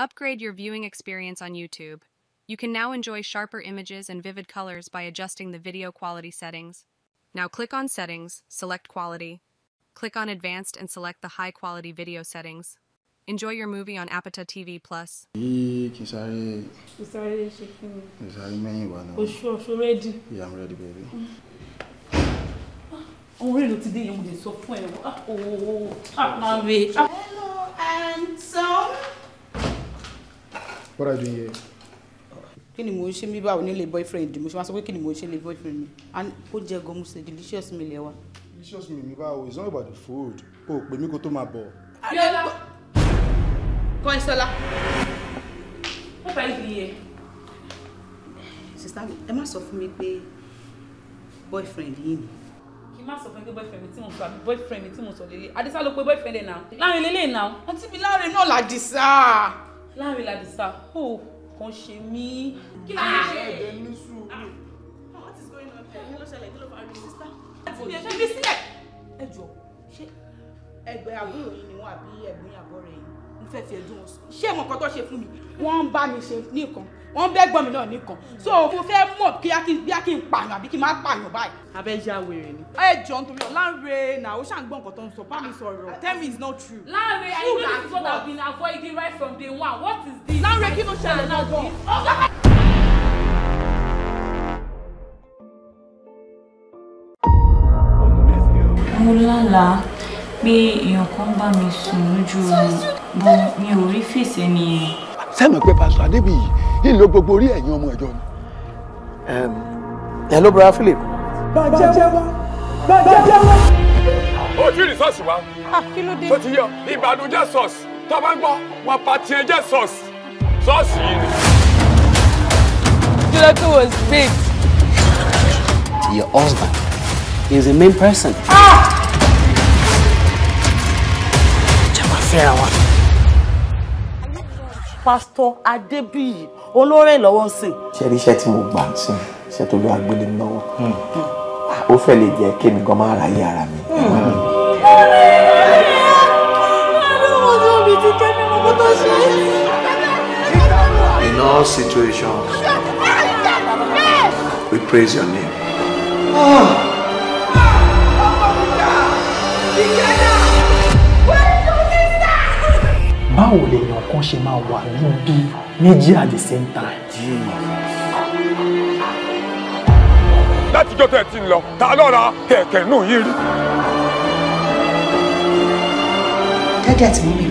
Upgrade your viewing experience on YouTube. You can now enjoy sharper images and vivid colors by adjusting the video quality settings. Now click on Settings, select Quality. Click on Advanced and select the High Quality Video Settings. Enjoy your movie on Apata TV Plus. Yeah, I'm ready, baby. today. So, fun. Oh, oh, oh, oh. Ah, ah. Hello, handsome. What are you doing here? kí mo ṣe mi báwo nílé boyfriend mo ṣe máa sọ pé kí mo ṣe lè boyfriend mi and ó jẹ gomu se delicious meal ẹ wa. delicious meal mi báwo it's not about the food o pè mí kó tó máa bọ̀. Abíọ́lá Kọ́ńsọ́lá wọ́n bá ibi yẹ. sista ẹ má sọ fún mi pé boyfriend yìí ni. kí n má sọ fún mi pé boyfriend mi tí mo sọ àbí boyfriend mi tí mo sọ lélẹ̀ Adisa lo pe boyfriend ẹ̀ náà now. lélẹ̀ náà. àǹtí mi láàrin náà làdìsá láàrin làdìsá ó kàn ṣe mí. kí ló ń ah, ṣe é ní sùúrù. Ah, ah, what is going on kí ló ṣẹlẹ̀ kí ló parí sísá. àti mi ẹ fẹ́ bí sílẹ̀. ẹ jọ ṣé ẹgbẹ́ àbúrò yìí ni wọ́n àbí ẹ̀gbọ́n àbọ̀ rẹ̀ yìí ń fẹ́ fi ẹ̀dùn wọn sùn. ṣé ìmọ̀ kan tó ṣe fún mi wọ́n ń bá mi ṣe ní nǹkan wọ́n bẹ́ gbọ́n mi náà nìkan so mo fẹ́ mọ̀ kí a kí bí a kí n pààyàn àbí kí n má pààyàn báyìí. abẹ́ ya wèrè ni. ẹ jọ nítorí ọ̀làǹre náà ó ṣàǹgbọ́n nǹkan tó ń sọ bá sọ̀rọ̀ tell me it's not true. Lanre I know this is what I've been avoiding right from day one what is this. Lanre kí ló ṣẹlẹ̀ náà gan. mo lálàá pé èèyàn kan bá mi sùn lójú oorun bó mi ò rí fèsì ẹni yẹn sẹ́mi pé pásítọ̀ Adébíyì yìí ló gbogbo orí ẹ̀yin ọmọ ìjọ ni. hello brother Philip. bàjẹ́ wá bàjẹ́ wá. ó ti rí sọ́ọ̀sì wa. Ah, kí ló dé. tó ti yọ ìbànújẹ́ sọ́ọ̀sì tó bá ń gbọ́ wọn pa tiẹ̀ jẹ́ sọ́ọ̀sì sọ́ọ̀sì yìí ni. Jolake was big. Your husband is the main person. Ah! Jẹ́ wá fẹ́ra wa pásítọ̀ adébíyì olóore lọ́wọ́ sìn. ṣé rí iṣẹ́ tí mo gbà sí iṣẹ́ tó lọ agbélé mi lọ́wọ́ ó fẹ́ lè jẹ́ kémi gan máa ráyè ara mi. In all situations, we praise your name. Oh. báwo lèèyàn kan ṣe máa wà níbí méjì at the same time. látijọ́ tẹ̀ ti ń lọ ta ló ra kẹ̀kẹ́ nù yín rí. gẹ́gẹ́ tí mú mi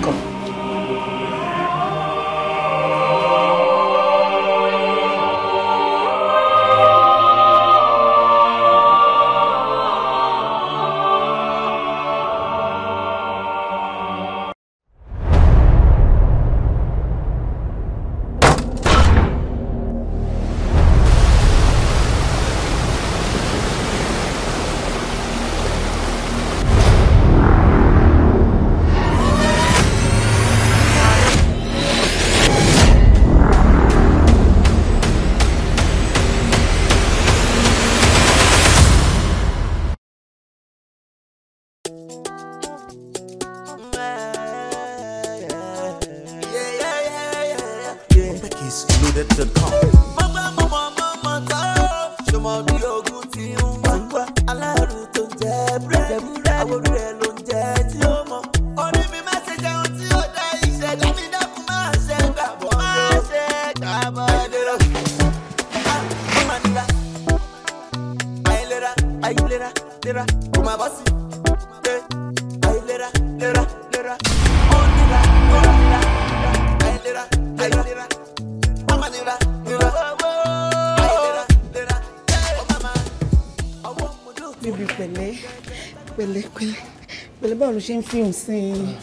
ṣe ń fíìmù sí i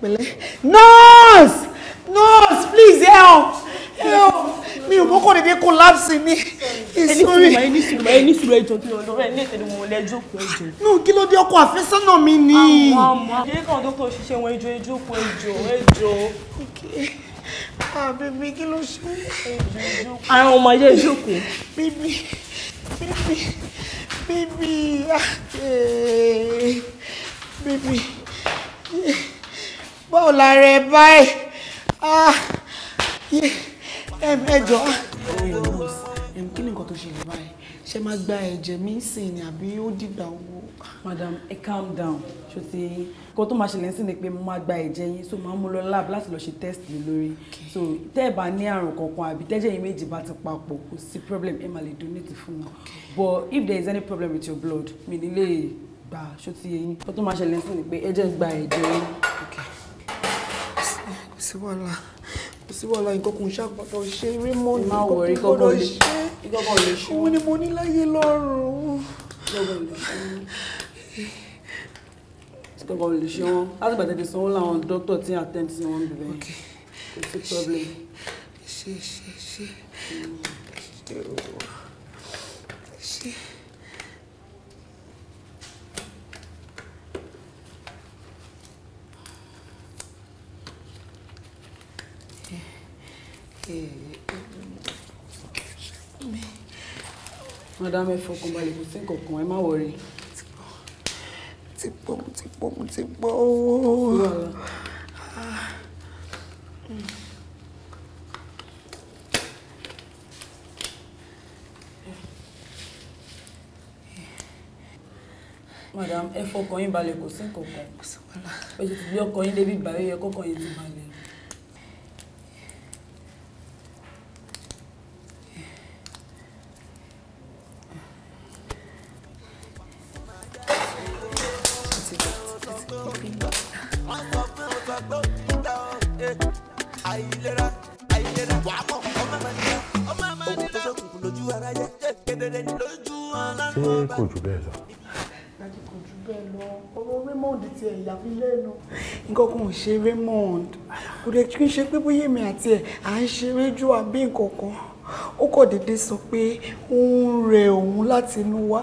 pẹ̀lẹ́ nurse nurse please help help mi ò mọ́kàn dédé collapse ni ìsorí. ẹni sùnmọ́ ẹni sùnmọ́ ẹjọ́ kí ló lọ́wọ́ ẹni ètò ìwọ̀n lẹ́jọ́ kó ẹjọ́. nù kí ló dé ọkọ àfẹ́sọ́nà mi ni. àwọn àmọ́ àjẹ́ kan tó tó ṣiṣẹ́ wọn ẹjọ́ ẹjọ́ kó ẹjọ́ ẹjọ́. Ah, bèbí kí ló ṣe. àwọn ọmọ ayé ìjókòó. bèbí bèbí bèbí. Baby, báwo la rẹ báyìí ah, ẹjọ. kí ni nǹkan tó ṣe báyìí ṣe máa gba ẹ̀jẹ̀ mi sìn ni o ó dìgbà wo. madam ẹ calm down ṣó ti kó tó máa ṣẹlẹ̀ sí ni pé mo gba ẹ̀jẹ̀ yín so máa ń mú lọ lab láti lọ ṣe test lé lórí so tẹ́ ẹ bá ní àrùn kankan àbí tẹ́jẹ̀ yín méjì bá ti papọ̀ kò sí problem ẹ máa lè donate fun. wọn but if there is any problem with your blood mi le gbà ṣó ti yẹ yín kó tó máa ṣẹlẹ̀ sí ni pé ẹ̀jẹ̀ gba ẹ̀jẹ̀ yín. kò sí wàhálà kò sí wàhálà nǹkan kò ń ṣàgbọ́dọ̀ ṣe eré mọ́ ní nǹkan kò gbọ́dọ̀ ṣe òun ni mo ní láyé lọ́rùn. gbọ́dọ̀ lè ṣe wọ́n láti gbà tètè sanwó láwọn dókítà tí àtẹ́ǹtì sí wọn bẹ̀rẹ̀ kò sí problem. ṣe ṣe ṣe ṣe o. madam ẹ fọkàn balẹ̀ kò sí nǹkan kan ẹ má wọrí. ti pọ̀ mo ti pọ̀ mo ti pọ̀ ooo. madam ẹ fọkàn yín balẹ̀ kò sí nǹkan kan ẹ ti gbé ọkọ yín débi ìbàrẹ̀ yẹ kọ́kọ́ yín ti balẹ̀. ti ẹ̀ yà mí lẹ́nu nǹkan kan ò ṣe Raymond kò dẹ̀ kí n ṣe pé bóyá èmi àti ẹ̀ à ń ṣeré jù àbí nǹkan kan ó kọ̀ déédé sọ pé ó ń rẹ òun láti inú wá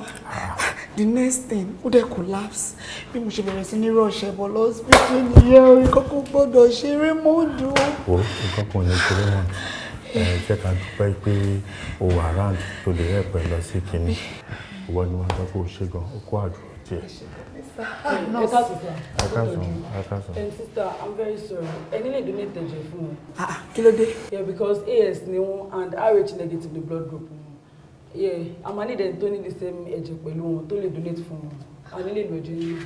the next thing ó dẹ̀ collapse bí mo ṣe bẹ̀rẹ̀ sí ní rọ̀ṣẹ̀ bọ̀ lọ síbítì nìyẹn orí kọ́kọ́ gbọ́dọ̀ ṣe Raymond o. o nǹkan kan ò ní ṣe Raymond jẹ́ ká dúpẹ́ pé o wà round tó lè rẹ̀ pẹ̀lú ọ̀sìn kìíní ìwọ ni wọ́n gbọ́ pé o ṣe gan o kó àdúró tiẹ̀ kí ló dé. yeah because as ni wọn and rh negative ni blood group yeah i'm an idan tó ní the same ẹ̀jẹ̀ pẹ̀lú wọn tó lè donate fún wọn a nílè lọ jẹ yín.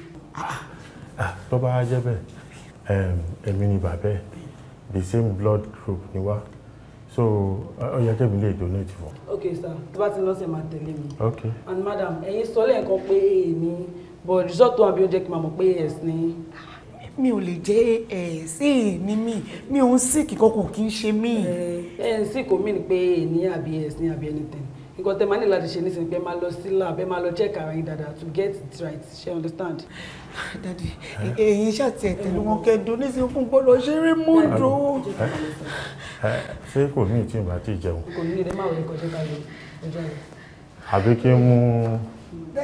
tó bá jẹ́ bẹ́ẹ̀ èmi ni bàbá ẹ̀ the same blood group ni wá so ó yẹ kẹ́mi lè donate fún. ok sir tó bá ti lọ́sẹ̀ máa tẹ̀lé mi. ok and madam ẹ̀yin sọ lẹ́ẹ̀kan pé èèyàn ní but result tó wà bí ó jẹ́ kí n máa mọ̀ pé as ni. mi ò lè jẹ́ as èèní mi mi ò ń sick kan kò kí ń ṣe mí. ẹ ẹ sick kò mí ni pé èèní àbí as ni àbí anything nǹkan tẹ́ máa ní láti ṣe nísìnyí pé máa lọ sí lab ẹ máa lọ check ara yín dáadáa to get it right she understand. dadi èyí ṣàti ẹ̀tẹ̀lé wọn kẹ́dùn nísìnyí fún gbọ́dọ̀ ṣeré mọ́dọ̀. ṣé kò ní ìtì ìgbà tí jẹun. kò ní ilé máa wọlé kọjá kalẹ̀ ọjọ́ yẹn. àbí kí n mú. Ah,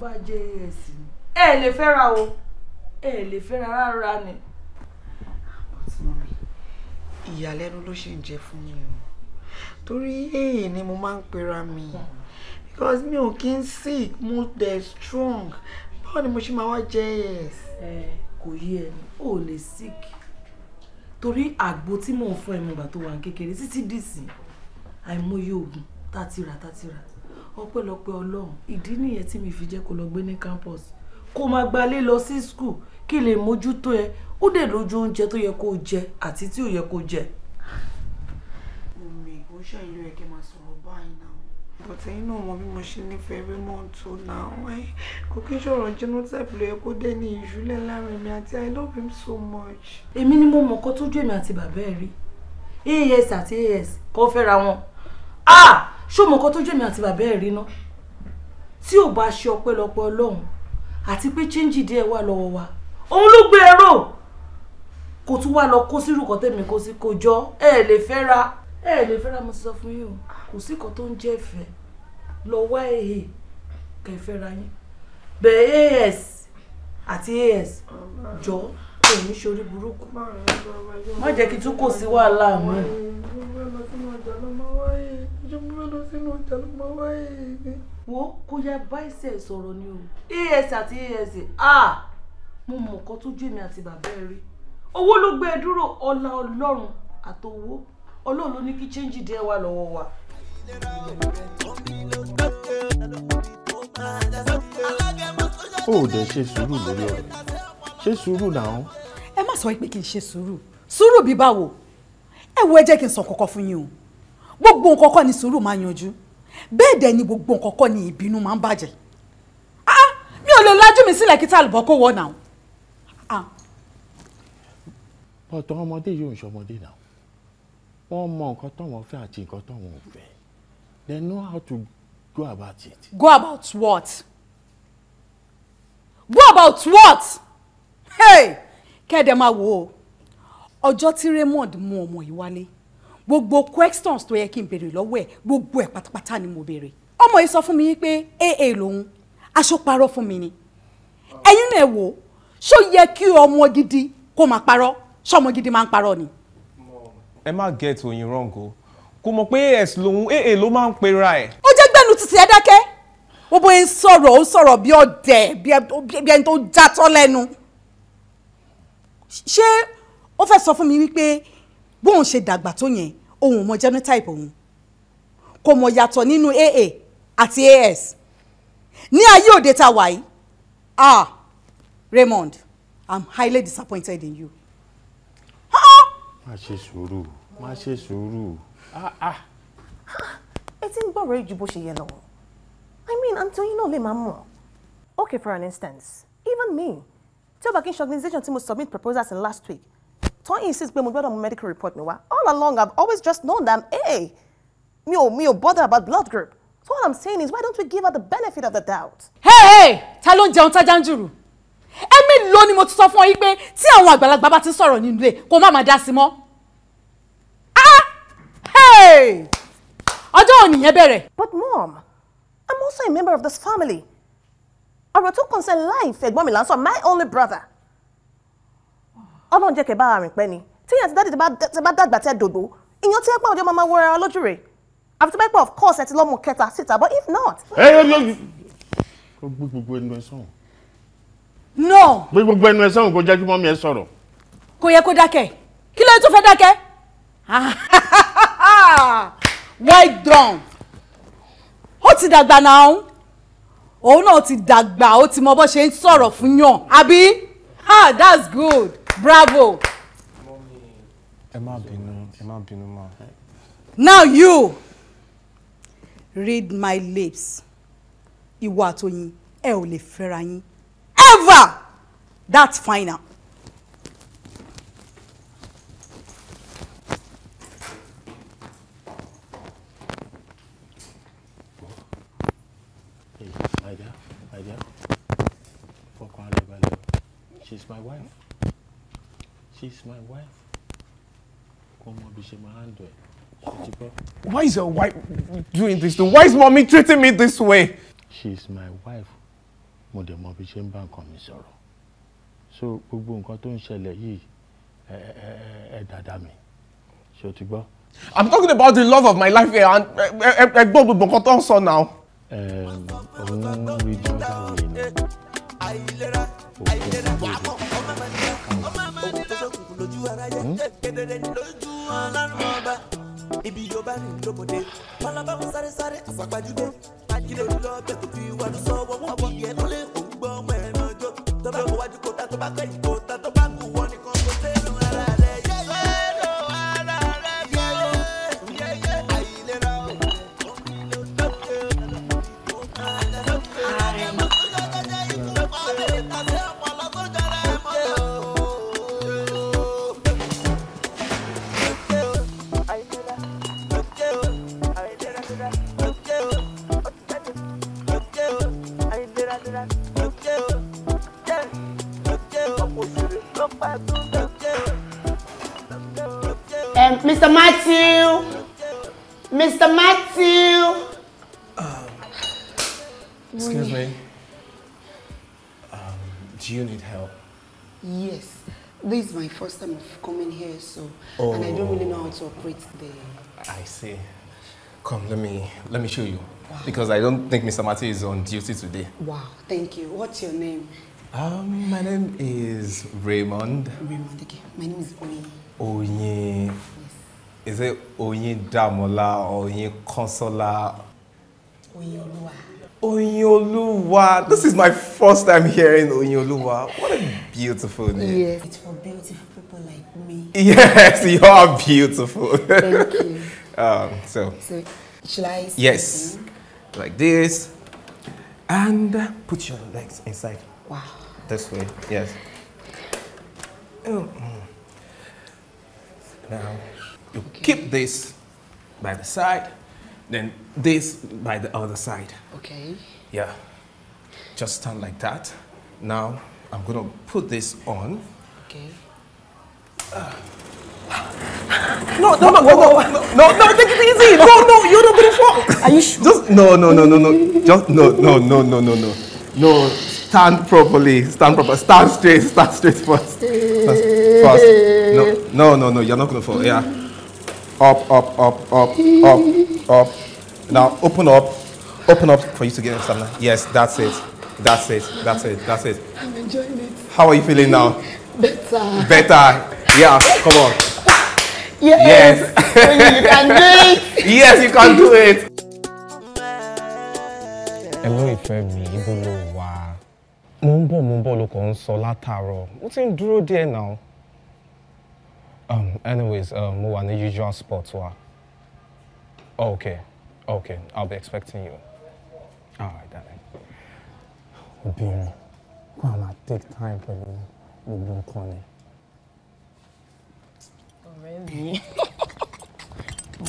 bá jẹ́ ẹ̀sìn. Ẹ lè fẹ́ra o ẹ lè fẹ́ra rárá ni. ìyàlẹ́nu ló ṣe ń jẹ fún mi o torí èyí ni mo máa ń pera mi because mi ò kí ń sick mo dẹ̀ strong báwo ni mo ṣe máa wá jẹ yes. ẹ kò yí ẹ ò lè sick torí àgbo tí mò ń fún ẹ mọ̀gbà tó wà ní kékeré títí dìsìn àìmọye oògùn tátìrà tátìrà ọpẹ́lọpẹ́ Ọlọ́run ìdí nìyẹn tí mi fi jẹ́ kó lọ gbé ní campus kó máa gbalé lọ sí school kí lè mójútó ẹ ó dẹ̀ lójú oúnjẹ tó yẹ kó o jẹ àti tí ò yẹ kó o jẹ. omi ò ṣe ìlú ẹ̀kẹ́ máa sọ̀rọ̀ báyìí náà bọ̀tẹ́ yín náà mọ mo ṣe nífẹ̀ẹ́ raymond náà ẹ̀ kò kí sọ̀rọ̀ genotype ló yẹ kó dé ní ìjúlẹ̀ láàrin mi àti i love him so much. èmi ni mo mọ̀ kó tójú èmi àti bàbá ẹ̀ rí AAS àti AAS kò fẹ́ra wọn ah ṣó mọ̀ kó tójú èmi àti bàbá ẹ̀ rí ná tí ò bá ṣe ọpẹ́lọpẹ́ ọlọ́run àti pé chíńjì díẹ̀ wà lọ́wọ́ wa òun ló gbé èrò kò tún wá lọ kó sírù kan tèmi kó sí kó jọ ẹ lè fẹ́ra ẹ lè fẹ́ra mo ti sọ fún yín o kò sí kan tó ń jẹ́ ìfẹ́ lọ wá èhè kẹ́ fẹ́ra yín bẹ́ẹ̀ as àti as jọ kò ní ṣorí burúkú má jẹ́ kí tún kò sí wàhálà mi. wo kó yẹ báyìí sẹ̀ sọ̀rọ̀ ni o as àti as ah mo mọ nǹkan tó ju èmi àti bàbá ẹ rí owó ló gbé dúró ọlá ọlọ́run àtowó ọlọ́run ló ní kí chẹ́ńjì díẹ̀ wà lọ́wọ́ wa. ó dẹ̀ ṣe sùúrù lórí ọ̀rẹ́ ṣe sùúrù náà. ẹ má sọ pé kí n ṣe sùúrù sùúrù bí báwo ẹ wo ẹ kí n sọ kọ́kọ́ fún yín o gbogbo nǹkan kọ́ ni sùúrù máa yanjú bẹ́ẹ̀ dẹ̀ ni gbogbo nǹkan kọ́ ni ìbínú máa ń bàjẹ́ ah, mi ò lè lajú mi sílẹ̀ kí tá àlùbọ́ kó wọ̀ náà bọ́tọ̀ ọmọdé yóò ń ṣọmọdé náà wọ́n mọ nǹkan tọ́wọ́n fẹ́ àti nǹkan tọ́wọ́n ò fẹ́ they know how to go about it. go about what? go about what? hey kẹ́ẹ̀dẹ̀ máa wò ó ọjọ́ tí Raymond mú ọmọ yìí wálé gbogbo questions tó yẹ kí n béèrè lọ́wọ́ ẹ̀ gbogbo ẹ̀ pátápátá ni mo béèrè ọmọ yìí sọ fún mi pé aa lòun aṣọ parọ́ fún mi ni ẹ̀yin náà wò ó ṣó yẹ kí ọmọ gidi kó máa parọ́ ṣọmọ gidi máa ń parọ́ ni. ẹ má get oyin wrong o kò mọ̀ pé as lòun aa ló máa ń pera ẹ̀. ó jẹ́ gbẹ́nu títí ẹ dákẹ́ ó bóyá ń sọ̀rọ̀ ó ń sọ̀rọ̀ bí ọ̀dẹ̀ bí ẹni tó jatọ́ lẹ́nu. ṣé ó fẹ́ sọ fún mi wípé bóun ṣe dàgbà tó yẹn òun ò mọ genotype òun kò mọ̀ yàtọ̀ nínú aa àti as ní ayé òde tá a ah Raymond I'm highly disappointed in you. má ṣe sùúrù má ṣe sùúrù. Ah, ah. ẹ ti ń gbọ́rọ̀ ìjù bó ṣe yẹ lọ I mean Anthony náà lè máa mọ̀ okay for an instance even me tí ó bá kí n ṣe organisation tí mo submit proposals in last week tó insist pé mo gbọ́dọ̀ mú medical report mi wá all along I've always just known that Hey, A mi ò mi ò bother about blood group so all I'm saying is why don't we give her the benefit of the doubt. hey hey ta ló ń jẹun tájà ń jùrù ẹ̀mí ló ni mo ti sọ fún ọ yìí pé tí àwọn àgbàlagbà bá ti sọ̀rọ̀ nínú ilé kó má máa dá sí mọ́. Ah! ọjọ́ òní yẹn bẹ̀rẹ̀. but mom i'm also a member of this family ọ̀rọ̀ tó concern life ẹ̀gbọ́n mi là ń sọ my only brother ọlọ́run jẹ́ kẹ́ bá arìn pẹ́ ni tíyẹn ti dáàdì ti bá dàgbà tẹ́ dòdò ìyẹn tí ẹ pẹ́ ọjọ́ máa máa wọra lójú rẹ̀ àfi tó bẹ́ẹ̀ pé of course ẹ ti lọ́mú kẹta síta but if not. ẹ ẹ lọ gbogbo ẹnu ẹ sọ̀rọ̀ no. pé gbogbo ẹnu ẹ sọ̀rọ̀ kó jẹ́jú mọ́ mi ẹ sọ̀rọ̀. kò yẹ kó dákẹ́ kí ló ń tó fẹ́ dákẹ́. well done ó ti dàgbà náà òun náà ti dàgbà ó ti mọ bó ṣe ń sọ̀rọ̀ fún yàn àbí ah that's good bravo. ẹ má bínú ẹ má bínú ma. now you read my lips ìwà àtòyìn ẹ ò lè fẹ́ra yín That's final. Hey, Ida, Ida. She's my wife. She's my wife. Eh? Why is your wife doing this? Why is mommy treating me this way? She's my wife. mo dẹ̀ mọ bí ṣe ń bá nǹkan mi sọ̀rọ̀ so gbogbo nǹkan tó ń ṣẹlẹ̀ yìí ẹ dàda mi ṣé o ti gbọ́. I'm talking about the love of my life here and ẹ gbọ́ gbogbo nǹkan tó ń sọ now. ẹ ẹ òun ń rí jọba rẹ ni òun ń rí jọba rẹ ibi yóò bá rìn lóbodè pálábá wọn sáré sáré àsàpàjúdé ajílẹ̀ lọ bẹ́ẹ̀ kò fi wàdú sọ wọ́n wọ́n bí ẹ̀ lọ́lẹ̀ òun gbọ́ ọmọ ẹ̀ e náà jó tọ́bẹ̀ kó wájú kó ta tó bá kẹ́yìn e kó ta tó bá. Mr. Matthew. Mr. Matthew. Um, excuse me. Um, do you need help? Yes. This is my first time of coming here, so oh. and I don't really know how to oh. operate the. I see. Come, let me let me show you. Wow. Because I don't think Mr. Matthew is on duty today. Wow, thank you. What's your name? Um, my name is Raymond. Raymond, okay. My name is Oye. Oye is it Oyin Damola or Oyin Consola? Oyin Oluwa. Oyin Oluwa. This is my first time hearing Oyin Oluwa. What a beautiful name. Yes. It's for beautiful people like me. Yes, you are beautiful. Thank you. um, so. so, shall I? Yes. Like this. And put your legs inside. Wow. This way, yes. Oh. Mm. Now. You okay. keep this by the side, then this by the other side. Okay. Yeah. Just stand like that. Now, I'm going to put this on. Okay. Uh. No, no, no, no, no, no, no, take it easy. No, no, you are not gonna fall. Are you sure? Just, no, no, no, no, no. Just, no, no, no, no, no, no. No, stand properly. Stand properly. Stand straight. Stand straight first. Stand first. No, no, no, no, you're not going to fall. Yeah. up, up, up, up, up, up. Now open up, open up for you to get inside. Yes, that's it. That's it. That's it. That's it. I'm enjoying it. How are you feeling now? Better. Better. Yeah, come on. Yes. Yes. you can do it. Yes, you can do it. Hello, ìfẹ́ mi, ibo lo wà? Mo ń bọ̀, mo ń bọ̀ ló kàn ń sọ látàárọ̀. Um, anyways, um, mo wà ní usual spot wa. Oh, okay, okay, I'll be expecting you. All right, darling. Obìnrin, Come on, take time for me. We don't call me. Ọ̀rẹ́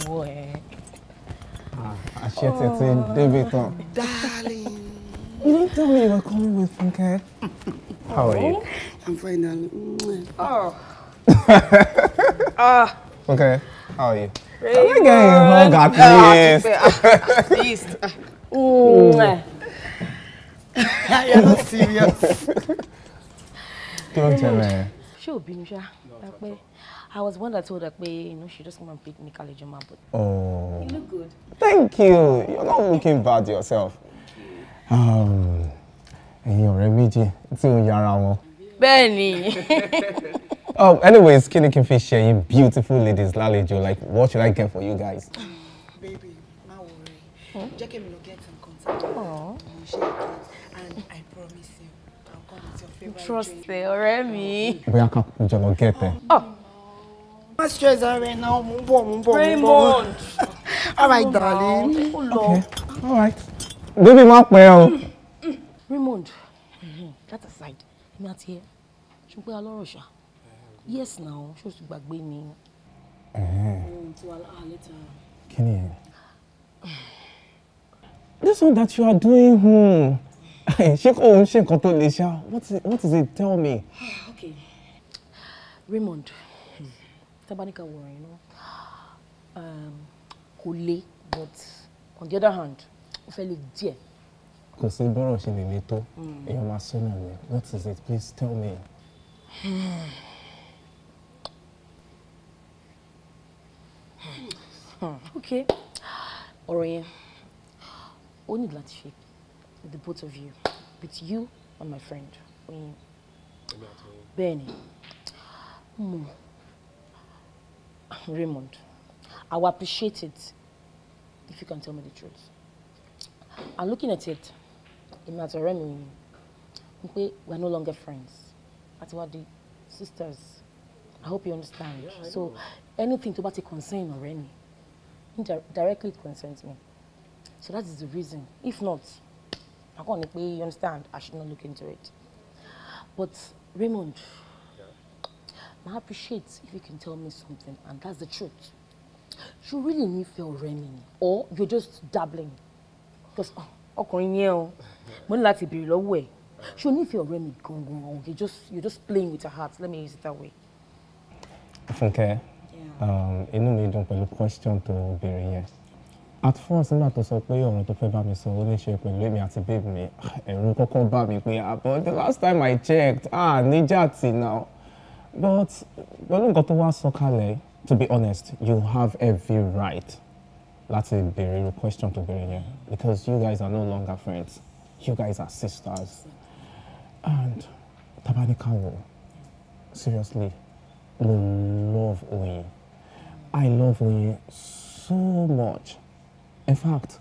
Boy. wọ ẹ̀. Ah, àṣẹ tètè débi tán. Darling. You didn't tell me you were coming with Funke. Oh, How are you? I'm fine, darling. Oh uh, okay. How are you? Great. Oh, ah, I'm getting a hug at least. At Ooh. You're not serious. Don't tell me. Ṣé òbí ni ṣá? I was one that told her pé you know she just come and pick me college on my butt. Oh. You look good. Thank you. You're not looking bad yourself. Um, You're a méjì It's ó yára wọn bẹ́ẹ̀ ni. oh anyways kí ni kí n fi beautiful ladies lálejò like what should I get for you guys. baby má wò rẹ hmm? jẹ́ kí get in contact with you ṣe and I promise you I'll come with your favourite trust me, ọ̀rẹ́ mi. bóyá ká jọ lọ get ẹ. Oh. Oh. má stress ara ẹ náà mú bọ̀ mú bọ̀ mú bọ̀ all right darling. okay all right. baby má pẹ́ o. Mm. Mm. Raymond mm-hmm. that aside èmi àti ẹ ṣùgbọ́n alọ́rọ̀ ṣá yes now ṣó ti gbàgbé ni. kí ni ẹ. this one that you are doing hmm. ṣé kò ń ṣe nǹkan tó lè ṣá what is it tell me. Ah, okay Raymond tabanika wọ̀rọ̀ yìí náà um, kò le but on the other hand ó fẹ́ le díẹ̀ kò sí bọ́rọ̀ ṣe lè le tó hmm. èèyàn máa sọ́nà mi what is it please tell me. ok ọ̀rọ̀ yẹn ó ní láti ṣe the both of you with you and my friend Oyin bẹ́ẹ̀ ni mo hmm. Raymond I will appreciate it if you can tell me the truth I'm looking at it. èmi we are no longer friends That's what the sisters I hope you understand yeah, so anything tó bá ti concern or any directly it concerns me so that is the reason if not akọ ni pé you understand I should not look into it but Raymond yeah. I appreciate if you can tell me something and that's the truth you really need ọ̀rẹ́ Raymond, or you're just dabbling because. Oh, ọkùnrin yẹn o mo ní láti béèrè lọ́wọ́ ẹ̀ ṣé o nífẹ̀ẹ́ ọ̀rẹ́ mi gangan ọ̀hún you just you just playing with your heart let me use it that way. Fúnkẹ́ um, inú mi dùn pẹ̀lú question tó béèrè yẹn at first nígbà tó sọ pé ọ̀rọ̀ tó fẹ́ bá mi sọ ó ní ṣe pẹ̀lú èmi àti babe mi ẹ̀rù kọ́kọ́ bá mi pé àbọ̀ ah, the last time I checked ah níjà tì náà but pẹ̀lú nǹkan tó wá sọ kalẹ̀ to be honest you have every right That's a very irú question to bring here because you guys are no longer friends you guys are sisters and tabanikawo seriously mo love Oyin I love Oyin so much in fact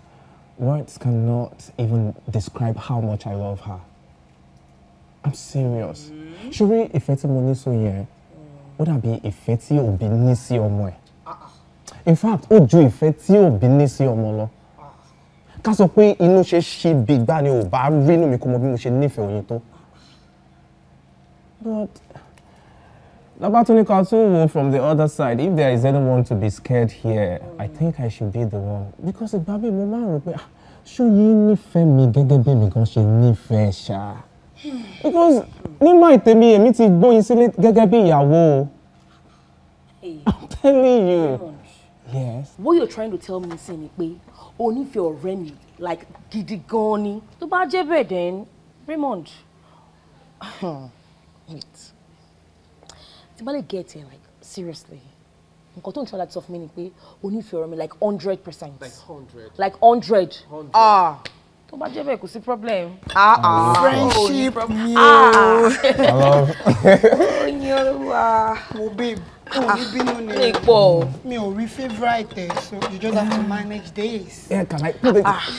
words cannot even describe how much I love her I'm serious ṣùgbọ́n mm-hmm. ìfẹ́ tí mo ní sóyè ó dàbí ìfẹ́ tí òbí ní sí ọmọ ẹ̀ in fact ó ju ìfẹ́ tí òbí ní sí ọmọ lọ ká sọ pé inú ṣe ṣe bí gbá ni ò bá rínú mi kó mọ bí mo ṣe nífẹ̀ẹ́ òyìn tó but Labatuniko Atuwu from the other side, if there is anyone to be scared here, mm. I think I should be the one. Because ìgbàgbé mo máa ń rò pé ah, ṣó yín nífẹ̀ẹ́ mi gẹ́gẹ́ bí mi gan ṣe nífẹ̀ẹ́ ṣá. Because nínú àìtèmi èmi ti gbóyin sílé gẹ́gẹ́ bí ìyàwó o. I'm telling you. Yes. What you're trying to tell me sin ni pé o nífẹ̀ẹ́ ọ̀rẹ́ mi like gidi gan ni. Tó bá jẹ́ bẹ́ẹ̀ then Raymond. Wait. Tí bá lè get it like seriously. Nǹkan tó ń try láti sọ fún mi ni pé o nífẹ̀ẹ́ ọ̀rẹ́ mi like hundred percent. Like hundred. Like hundred. Ah tó bá jẹ́ bẹ́ẹ̀ kò sí problem. ah ah, ah. friendship Ah. o. oyin olúwa. mo babe. Ah, bínú Me, Lè pọ̀ o. Mi so you just have to ah. manage days. Yeah, can I Ah.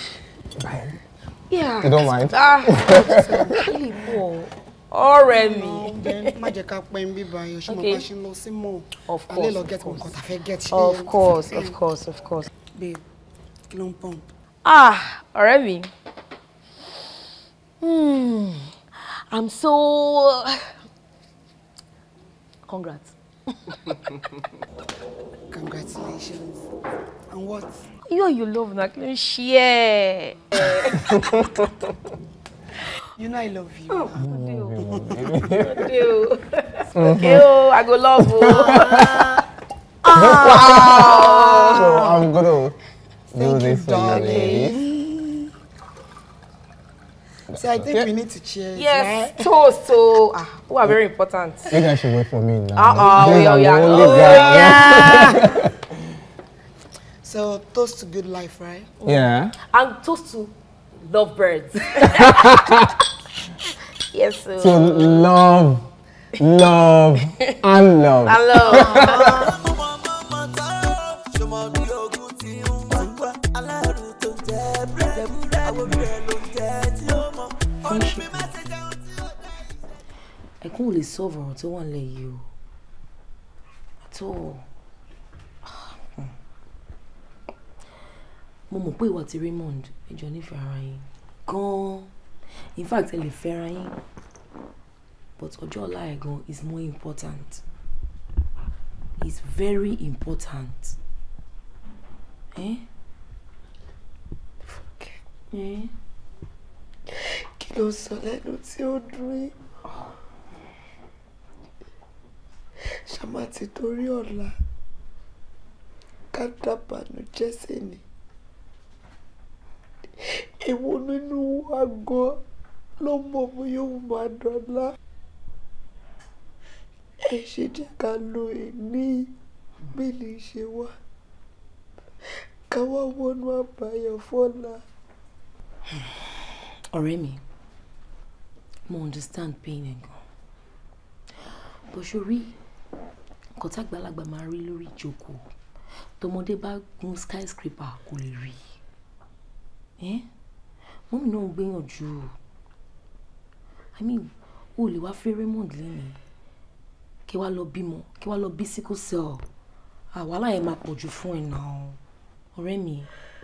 Yeah. You don't mind? Ah, lè pọ̀ o. Ọ̀rẹ́ mi. Of course. Of course, of course, of course. Babe, kí pump? Ah, already. Hmm. I'm so... Congrats. Congratulations. And what? You and your love, Naklin. Share. You know I love you. Oh, I do. Mm. I do. Oh, I go love you. oh. So I'm gonna do Thank this you, for darling. you, ladies. So I think yeah. we need to cheers. Yes, right? toast. So ah, who are very important. You guys should wait for me now. Uh-uh, we are. Yeah. yeah. so toast to good life, right? Yeah. And toast to love birds. yes. Sir. So love, love, and love. And love. I kò lè solve ọ̀rọ̀ tó wà nílẹ̀ yìí o at ah, mo mọ̀ pé ìwà ti Raymond ẹjọ́ nífẹ̀ẹ́ ara yín gan in fact ẹ lè fẹ́ra yín but ọjọ́ ọ̀la ẹ̀ gan is more important is very important. Eh? Fuck. Eh? kí ló sọ lẹ́nu tí ó dùn yín. ṣàmà ti torí ọ̀la ká dábànújẹ́ sí ni èwo nínú wa gan ló mọ bóyá òun máa dọ̀la ẹ ṣe jẹ́ ká lo ìní bí ní ṣe wá ká wá wọnú àbáyọ fọ́la. ọ̀rẹ́ mi mo understand pain ẹ̀ gan bó ṣe rí nǹkan tí àgbàlagbà máa rí lórí ìjókòó tọmọdé bá gun skyscraper kò lè rí mọ́mí náà ń gbìyànjú i mean o lè wá fẹ́ Raymond lẹ́nu kí wàá lọ bímọ kí wàá lọ bí sickle cell àwàlà yẹn máa pọ̀ jù fún ẹ̀ náà ọ̀rẹ́ mi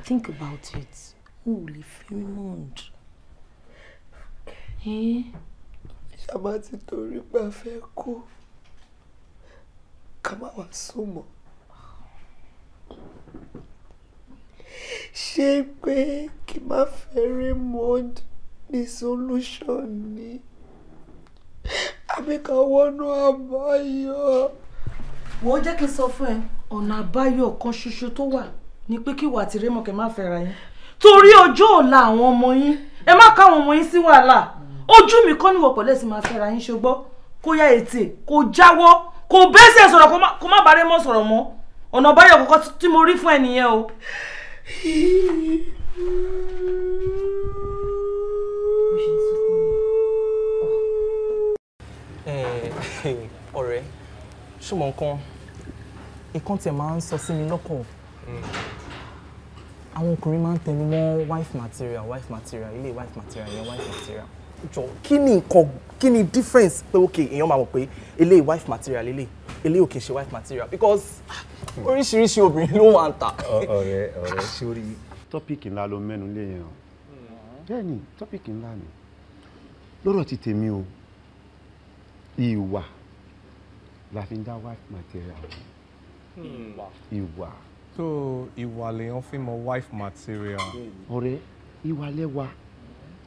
think about it o lè fẹ́ Raymond. ṣàbá ti torí pé a fẹ́ kú. Kama má wá sùn mọ́ ṣé pé kí n má fẹ́ Raymond ní solution ni àbí ká wọnú àbáyọ. wọ́n jẹ́ kí n sọ fún ẹ ọ̀nà àbáyọ kan ṣoṣo tó wà ni pé kí ìwà àti Raymond kẹ́ má fẹ́ra yín torí ọjọ́ ọ̀la àwọn ọmọ yín ẹ má káwọn ọmọ yín sí wàhálà ojú mi kọ́ níwọ̀ pẹ̀lú ẹ̀sìn máa fẹ́ra yín ṣùgbọ́n kó yá ètè kó jáwọ́ kò bẹ́sẹ̀ sọ̀rọ̀ kó má bàárẹ̀ mọ́ sọ̀rọ̀ mọ́ ọ̀nà báyọ̀ kọ́kọ́ tí mo rí fún ẹ o. ọ̀rẹ́ ṣùgbọ́n nǹkan nǹkan tiẹ̀ máa ń sọ sí mi lọ́kọ̀ àwọn ọkùnrin máa ń tẹnu mọ́ wife material wife material ilé wife material yẹn wife material jọ kí ni nǹkan kí ni difference pé ok èèyàn máa mọ̀ pé eléyìí wife material eléyìí eléyìí ò kì ṣe wife material because oríṣiríṣi obìnrin ló wà ń ta. ọ̀rẹ́ ọ̀rẹ́ sórí tọ́pìkì ńlá ló mẹ́nu lé yẹn o bẹ́ẹ̀ ni tọ́pìkì ńlá ni lọ́rọ̀ ti tèmi o ìwà la fi ń dá wife material hmm. ìwà. so ìwà lèèyàn fi mọ wife material. ọ̀rẹ́ ìwà lẹ́wà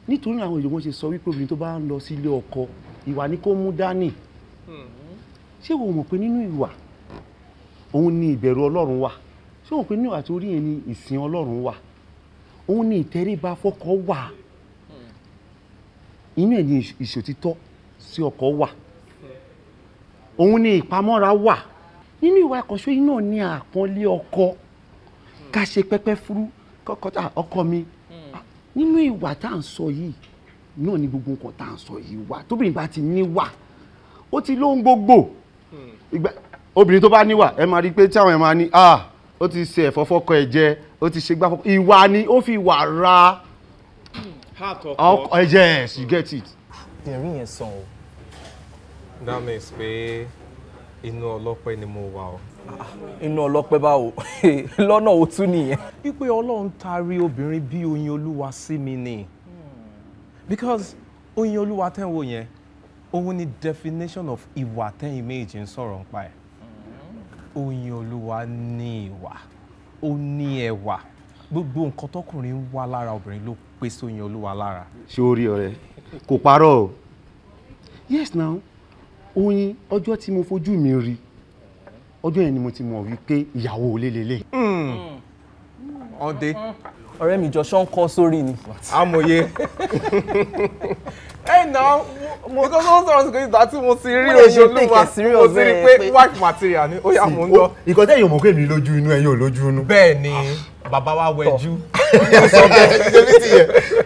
nítorí àwọn èèyàn wọn ṣe sọ wípé obìnrin tó bá ń lọ sílé ọkọ ìwà ni kó mú dání ṣé o mọ̀ pé nínú ìwà òun ni ìbẹ̀rù ọlọ́run wà ṣé o mọ̀ pé nínú ìwà tó rí yẹn ni ìsìn ọlọ́run wà òun ni ìtẹríba fọ́kọ wà inú ẹ̀ ni ìṣòtítọ́ sí ọkọ wà òun ni ìpamọ́ra wà nínú ìwà ẹ̀kọ́ṣọ́ yìí ni àpọ́nlé ọkọ ká ṣe pẹ́pẹ́ fúrú kọ́kọ́tà ọkọ mi nínú ìwà tá à ń sọ yìí náà ni gbogbo nǹkan tá à ń sọ yìí wà tóbìnrin bá ti níwà ó ti lóhun gbogbo ìgbà obìnrin tó bá níwà ẹ máa rí i pé tí àwọn ẹ máa ní ah ó ti ṣe ẹ̀fọ́ fọ́kọ ẹ̀ jẹ ó ti ṣe gbá fọ́kọ ìwà ni ó fi wà ra ọkọ yes you get it. ìrìn yẹn sàn o. that means pé inú ọlọ́pẹ́ ni mo wà o inú ọlọ́pẹ́ báwo lọ́nà ó tún nìyẹn. wípé ọlọ́run taari obìnrin bí oyin olúwa sí mi ni because oyin olúwa tẹ́ ń wò yẹn òun ni definition of ìwà tẹ́yìn méjì ń sọ̀rọ̀ nípa ẹ̀ oyin olúwa ní ìwà ó ní ẹwà gbogbo nǹkan tọkùnrin ń wá lára obìnrin ló pé sóyin olúwa lára. ṣé o rí ọ̀rẹ́ kò parọ́ o yes now oyin ọjọ́ tí mo fojú mi rí ọjọ́ yẹn ni mo ti mọ̀ wípé ìyàwó olélele. Hmm. Hmm. ọ̀dẹ hmm ọ̀rẹ́ mi jọ̀ṣọ́ ń kọ́ sórí ni. amòye ẹ nà mo tó tó sọ̀rọ̀ sí kejì tàbí mo ti rí Òṣòlúwa mo ti rí eh, pé wife material ni ó yà mò ń lọ. ìkọ́jẹ́ yóò mọ̀ pé mi lójú inú ẹ̀yin ò lójú inú. bẹ́ẹ̀ ni ah. bàbá wa wẹjú.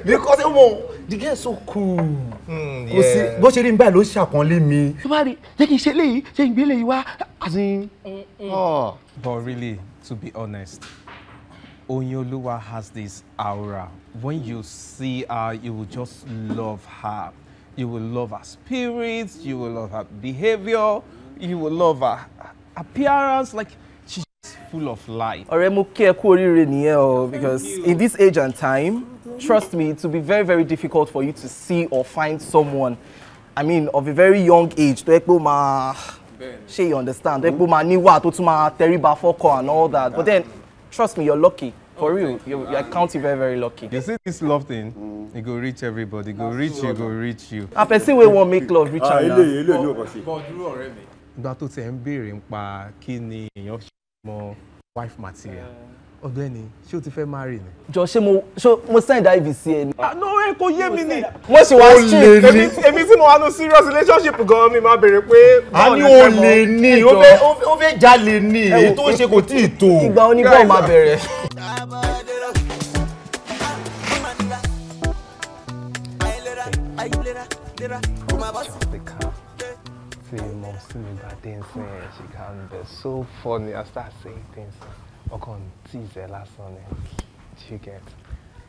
because ó mọ the girl so cool. Hmm, kò sí bó ṣe rí mi báyìí ló ṣàpọ́nlé mi. tó bá rí jẹ́ kí n ṣe léyìí ṣe ìgbélé yìí wá mm, mm. Oh. but really to be honest Onyoluwa has this aura. When you see her, you will just love her. You will love her spirits, you will love her behavior, you will love her appearance. Like, she's full of life. Ọ̀rẹ́ mo kí because in this age and time, trust me, it will be very very difficult for you to see or find someone, I mean, of a very young age She yẹ pé understand and all that but then trust me, you're lucky. For real, you, I count you very, very lucky. You see this love thing, mm. it go reach everybody. Go reach you, go reach you. A person wey wan make love reach ah, am now. Ilé ilé ìlú ọkọ sí. Bọ̀ dúró ọ̀rẹ́ mi. Ìgbà tó ti ẹ̀ ń béèrè ń pa kí ni èèyàn ṣe mọ wife material. Uh, ọ̀gbẹ́ni ṣé o ti fẹ́ marry ni. jọ ṣé mo ṣé mo send iv sí ẹ ni. àná ah, ẹ kò yé mi ni. wọ́n ṣe wá street èmi tí mo wà ní serious relationship gan mi máa béèrè pé. a ní o lè ní jọ o fẹ́ jalè ní èyí tó ṣe kò tí ì tó. ìgbà onígbà máa bẹ̀rẹ̀. See, mom, see She can be so funny. I start saying things ọkàn tí ìfẹ́ lásán ni do you get.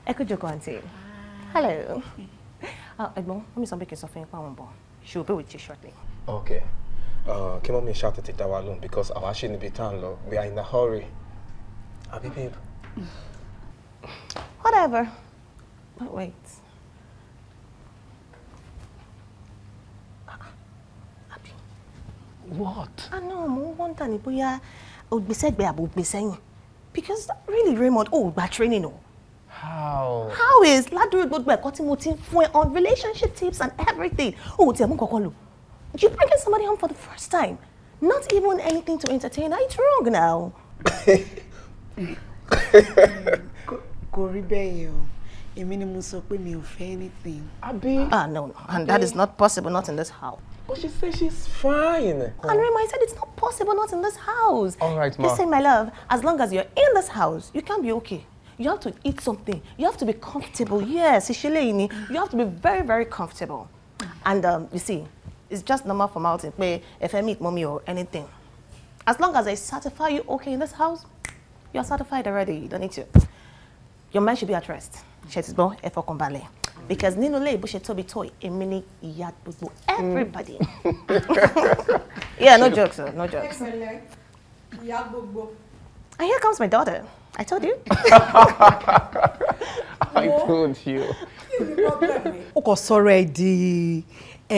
ẹ kú jókòó àǹtí hello ah, ẹ̀gbọ́n Edmond, sọ pé kí n sọ fún yín pé àwọn she will be with you shortly. okay uh, kí mọ́mí ṣáà tètè dá wa lóhùn because àwa ṣì níbi tá à ń we are in a hurry Abi, babe. whatever but oh, wait. Abi. What? Ah no, mo ń wọ́ndà ní bóyá o gbé sẹ́gbẹ̀ẹ́ àbò gbé because really Raymond oh, gba training o. Oh. how. how is ládùúgbò gbogbo ẹ̀kọ́ tí mo ti ń fún ẹ on relationship tips and everything Oh, ò tiẹ̀ mú kankan lò you bring somebody home for the first time not even anything to entertain her it's wrong now. kò rí bẹ́ẹ̀ yẹn o. èmi mean you must open me ò anything. Abby. ah no no and that is not possible not in this house. But she says she's fine. Eh? And Rima, I said it's not possible not in this house. All right, ma. Listen, my love, as long as you're in this house, you can not be okay. You have to eat something. You have to be comfortable. Yes, Ishileini, you have to be very, very comfortable. And um, you see, it's just normal to Pay if I meet mommy or anything. As long as I certify you okay in this house, you're certified already. You don't need to. Your mind should be at rest. ṣètìgbọ́n ẹ because nínú ilé ìbúṣe tóbi tó èmi ní ìyá gbogbo everybody mm. yeah no jokes though, no jokes. ìyá gbogbo. and here comes my daughter I told you. I told you. ó kọ sọ̀rọ̀ ẹ̀ di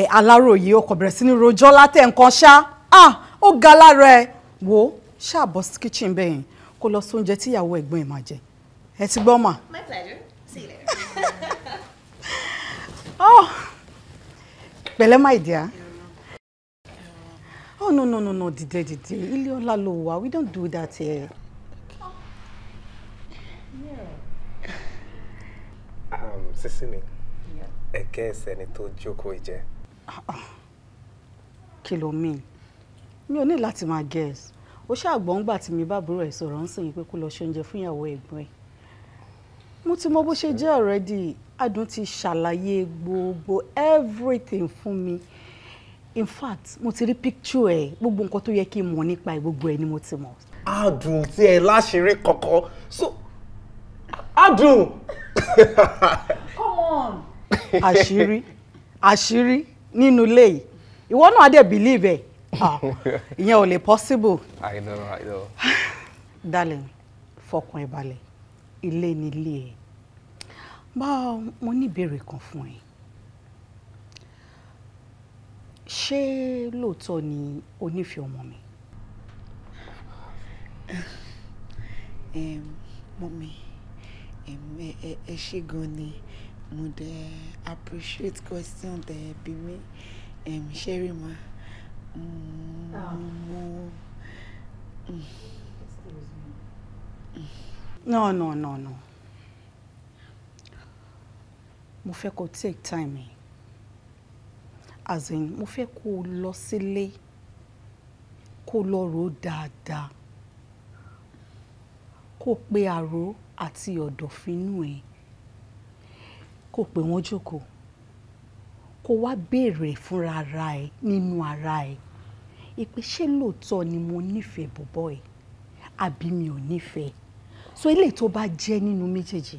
aláròye ó kọ bẹ̀rẹ̀ sí ní rojọ́ látẹ̀ nǹkan ṣá ah ó ga lára ẹ̀ wo ṣáà bọ́ sí kitchen bẹ́ẹ̀ yẹn kó lọ sóúnjẹ tíyàwó ẹ̀gbọ́n ẹ̀ máa jẹ ẹ ti gbọ́ mà. my pleasure. oh pẹ̀lẹ́ my dear oh no no no no dìde dìde ilé ọlá ló we don't do that here. um, sisi mi ẹ̀kẹ́ ẹsẹ̀ ni tó jókòó ìjẹ́. kí ló mean mi ò ní láti máa guess ó ṣàgbọ́n gbà tí mi bá búrò ẹ̀ sọ̀rọ̀ ń sìn yín pé kó lọ ṣe oúnjẹ mo ti mọ bó ṣe jẹ́ already adùn ti ṣàlàyé gbogbo everything fún mi in fact mo ti rí picture ẹ gbogbo nǹkan tó yẹ kí n mọ̀ nípa ẹ gbogbo ẹ ni mo ti mọ̀. adùn tí ẹ láṣẹrẹ kọkọ so adùn. come on. àṣírí àṣírí nínú ilé yìí ìwọ náà dẹ̀ believe ẹ̀ ìyẹn ò lè possible. i know i know. darling fọkàn ẹ balẹ̀ ilé nílé ẹ bá mo ní ìbéèrè kan fún ẹ ṣé lóòótọ́ ni o nífẹ̀ẹ́ ọmọ mi. mọ́mí ẹ ṣé gan ni mo dẹ̀ appreciate question tẹ̀ bí mi ṣẹ́rí ma mm, ah. mo. Mm. No, no, no, no. Mo fẹ́ kó take time yìí. As in, mo fẹ́ kó lọ sílé, kó lọ rò dáadáa, kó pe àrò àti ọ̀dọ̀fínú ẹ̀, kó pe wọ́n jókòó, kó wá béèrè fúnra ara ẹ̀ nínú ara ẹ̀. Ìpè lóòótọ́ ni mo nífẹ̀ẹ́ bọ̀bọ́ ẹ̀ àbí mi ò nífẹ̀ẹ́? so eléyìí tó bá jẹ́ nínú méjèèjì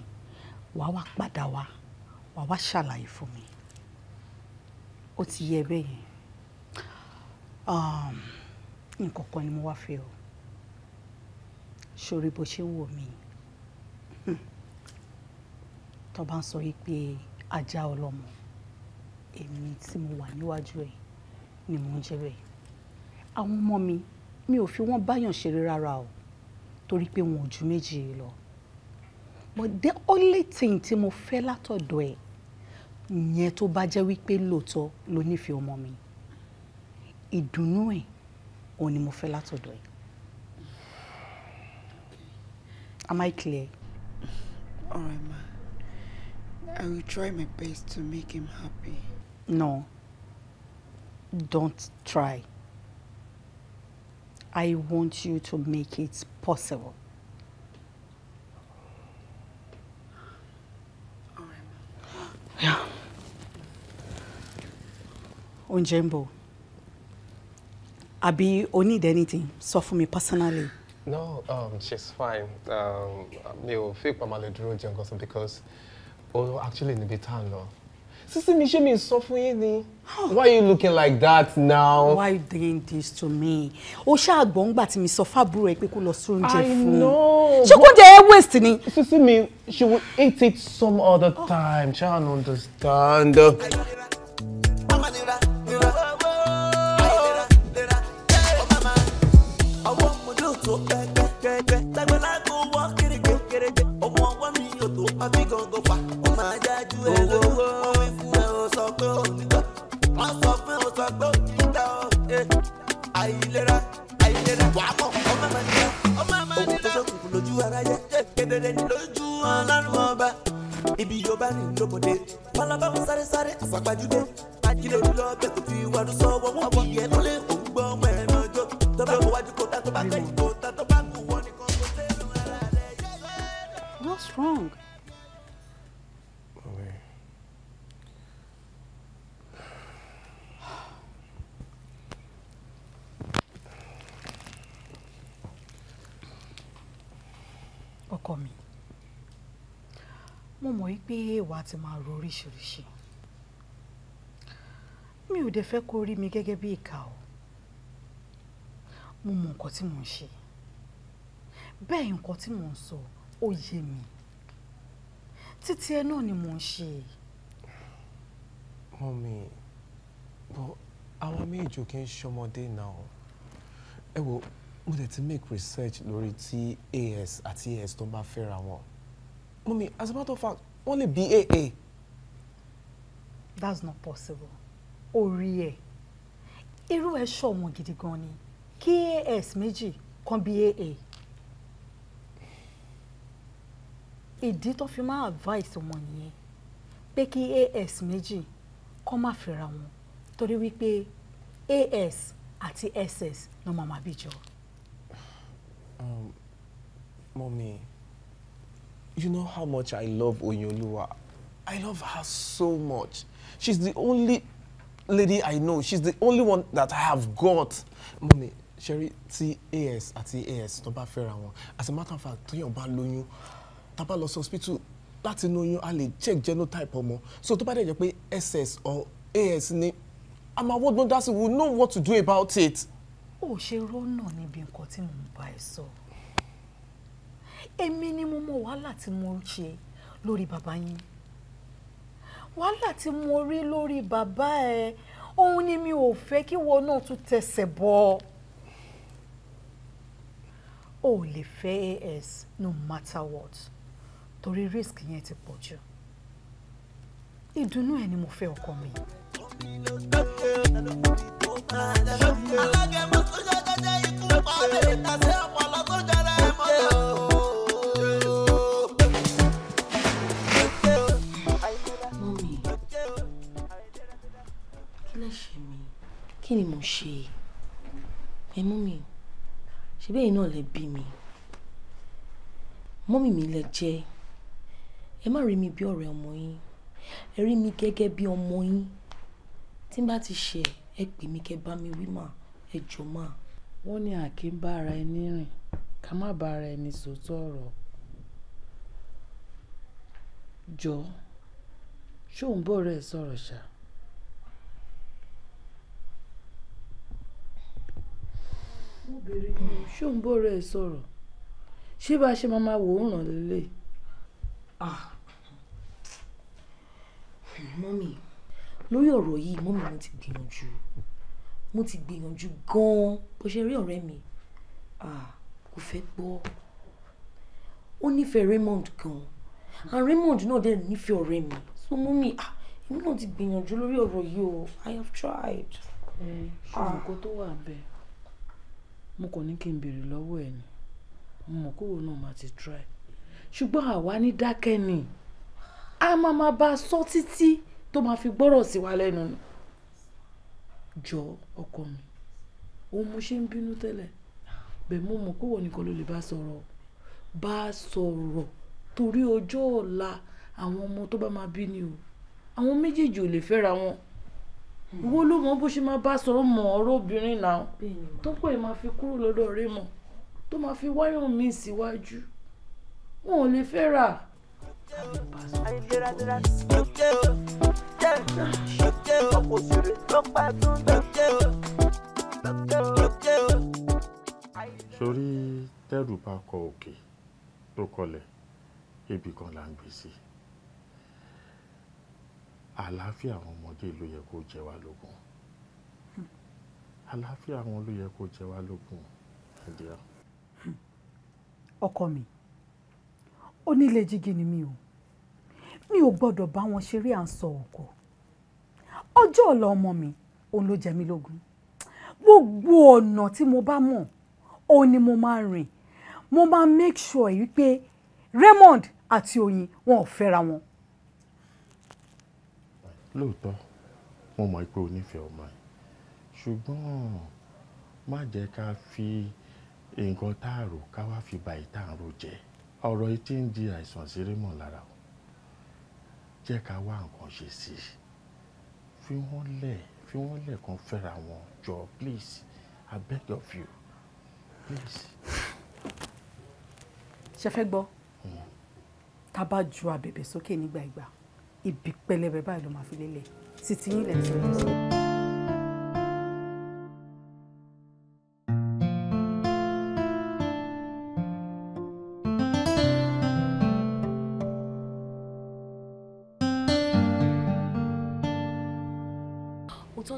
wàá wá padà wá wàá wá ṣàlàyé fún mi ó ti yẹ bẹ́ẹ̀ yẹn um, nǹkan kan ni mo wá fẹ́ o sori bó ṣe ń wò mí hmm. tó bá ń sọ yìí pé ajá ọlọ́mọ èmi tí mo wà níwájú ẹ̀ ni mò ń jẹ́ bẹ́ẹ̀ àwọn ọmọ mi mi ò fi wọ́n báyàn ṣeré rárá o torí pé wọn ò ju méjì yìí lọ but the only thing tí mo fẹ́ látọ̀dọ̀ ẹ̀ ìyẹn tó bá jẹ́ wípé lóòótọ́ ló nífẹ̀ẹ́ ọmọ mi ìdùnnú ẹ̀ òun ni mo fẹ́ látọ̀dọ̀ ẹ̀ am I clear? alright ma I will try my best to make him happy. no don't try. I want you to make it possible. Yeah. Onjembo, Abi, o need anything? Sọ for me personally. No, um, she's fine. Um, mi ò fi pamale dúró because oh, actually in the a no. sísí mi ṣé mi sọ fún you looking like that now. why you doing this to me. o ṣáà gbọ̀ngbà tí mi sọ fábúrò ẹ pé kó lọ sún oúnjẹ fún un. ṣé kó jẹ ẹ waste ni. sísí mi she will eat it some other oh. time she don't understand. Ọmọ àìlera àìlera wàá mọ̀ ọmọ àmà nílẹ̀ ọmọ àmà nílẹ̀ òkú tó sókùnkùn lójú aráyé kedere lójú ọlọ́run ọba ibi yóò bá rìn lóbodè pálábá wọn sáré sáré àfàgbàjúdé ajílẹ̀ olùlọ bẹ́ẹ̀ kò fi wàdú sọ wọ́n wọ́n kì lọ́lẹ̀ òun gbọ́ ọmọ ẹ̀ náà jó tọ́ba kò wájú kó tá tó bá kẹ́yìn kó tá tó bá kù wọ́n nìkan kó tẹ́ lù ara rẹ̀. What's wrong? mo mọ̀ wípé ìwà ti máa ro oríṣiríṣi mi ò dẹ̀ fẹ́ kó rí mi gẹ́gẹ́ bí ìkà o mo mọ̀ nǹkan tí mò ń ṣe bẹ́ẹ̀ nǹkan tí mò ń sọ ó yé mi títí ẹ náà ni mò ń ṣe. mọ́mí bọ́ àwa méjì kì í ṣọmọdé náà ẹ wo mo dẹ̀ ti make research lórí tí as àti as tó ń bá fẹ́ra wọn mummy as a matter of fact only lè bí aa. that's not possible orí ẹ̀ irú ẹ̀ mo gidi gan ni kas méjì kan bí aa ìdí tó fi máa advice wọn nìyẹn pé kí as méjì kọ́ má fẹ́ra Tori torí wípé as ati ss ló máa máa bí Um, mommy. You know how much I love Oyinoluwa. I love her so much. She's the only lady I know. She's the only one that I have got. Mummy, Sherry, tí AS àti AS tó bá fẹ́ra wọn. As a matter of fact, tóyàn bá lóyún, tá bá lọ sí hospital láti inú oyún, a lè check genotype more. So tó bá dẹ̀ jẹ́ pé SS or AS ni, I'm a word wonder, so we know what to do about it. Oh, ṣe rọ́nà níbi nǹkan tí mò ń So èmi ni mo mọ wàhálà tí mo ṣe lórí bàbá yín wàhálà tí mo rí lórí bàbá ẹ òun ni mi ò fẹ́ kí wọn náà tún tẹsẹ̀ bọ̀ o lè fẹ́ as no matter what torí risk yẹn ti pọ̀ jù ìdùnnú ẹ ni mo fẹ́ ọkọ mi. alágẹ̀mọ́ tó jẹ́jẹ́ ikú pa abẹ́rẹ́ ọ̀pọ̀ lọ́sọ̀jọ́ra ẹ̀ mọ́tò. kí ni mo ṣe ẹ mú mi ṣe bẹ́ẹ̀ náà lẹ bí mi mọ́mì mi lẹ jẹ́ ẹ má rí mi bí ọ̀rẹ́ ọmọ yín ẹ rí mi gẹ́gẹ́ bí ọmọ yín tí n bá ti ṣe ẹ pè mí kẹ́ bá mi wí mà ẹ jọ mà. wọ́n ní àkè ń bá ara ẹni rìn ká má bá ara ẹni sòótọ́ ọ̀rọ̀ jọ ṣóun bọ̀ rẹ̀ sọ̀rọ̀ ṣáà. ṣó ń bọ̀rọ̀ ẹ̀ sọ̀rọ̀ ṣé bá a ṣe máa wò ó ràn lélẹ̀. mọ́mì lórí ọ̀rọ̀ yìí mọ́mì mo ti gbìyànjú mo ti gbìyànjú gan-an bó ṣe rí ọ̀rẹ́ mi kò fẹ́ gbọ́ ó nífẹ̀ẹ́ Raymond gan-an and Raymond náà dẹ̀ nífẹ̀ẹ́ ọ̀rẹ́ mi so mọ́mì èmi náà ti gbìyànjú lórí ọ̀rọ̀ yìí o I have tried. ṣùgbọ́n nǹkan tó wà bẹ́ẹ̀ mo kàn ní kí n béèrè lọ́wọ́ ẹ̀ ni mo mọ̀ kóòwò náà máa ti try ṣùgbọ́n àwa ní dákẹ́ ni a máa máa bá a sọ títí tó máa fi gbọ́rọ̀ sí wa lẹ́nu nù jọ ọkọ mi òun mo ṣe ń bínú tẹ́lẹ̀ bẹ́ẹ̀ mo mọ̀ kóòwò nìkan ló lè bá sọ̀rọ̀ bá sọ̀rọ̀ torí ọjọ́ ọ̀la àwọn ọmọ tó bá máa bí ni o àwọn méjèèjì ò lè fẹ́ra wọn Mm. ìwọ ló mọ bó ṣe máa bá sọ̀rọ̀ mọ ọ̀rọ̀ obìnrin náà tó pọ̀ ẹ̀ máa fi kúrò lọ́dọ̀ rẹ̀ mọ̀ tó máa fi wáyọ̀ mi síwájú wọn ò lè fẹ́ rà. sórí tẹ́rù bá kọ òkè tó kọlẹ̀ ibì kan là ń gbé àlàáfíà àwọn ọmọdé ló yẹ kó jẹ wá lógún àlàáfíà àwọn ló yẹ kó jẹ wá lógún ẹdíà. ọkọ mi onílé jígí ni mi o mi ò gbọ́dọ̀ bá wọn ṣeré à ń sọ òkò ọjọ́ ọ̀la ọmọ mi òun ló jẹ mí lógún gbogbo ọ̀nà tí mo bá mọ̀ òun ni mo máa rìn mo máa make sure yìí pé Raymond àti Oyin wọn ò fẹ́ra wọn Lóòótọ́, mo mọ̀ pé o nífẹ̀ẹ́ ọmọ ẹ, ṣùgbọ́n má jẹ́ ká fi nǹkan táàrò ká wá fi ba èyí táàrò jẹ́. Ọ̀rọ̀ yìí tí ń di àìsàn sérémọ̀ lára o. Jẹ́ ká wá nǹkan ṣe sí i. Fi wọ́n lẹ̀, fi wọ́n lẹ̀ kan fẹ́ra wọn jọ̀ọ́ please. I beg of you, please. Ṣé fẹ́ gbọ́? Hmm. Tá bá ju abẹ̀bẹ̀ sókè nígbà ìgbà ibi pẹlẹbẹ báyìí ló máa fi lélẹ̀ sí ti yín lẹ́sọ̀ yìí. òótọ́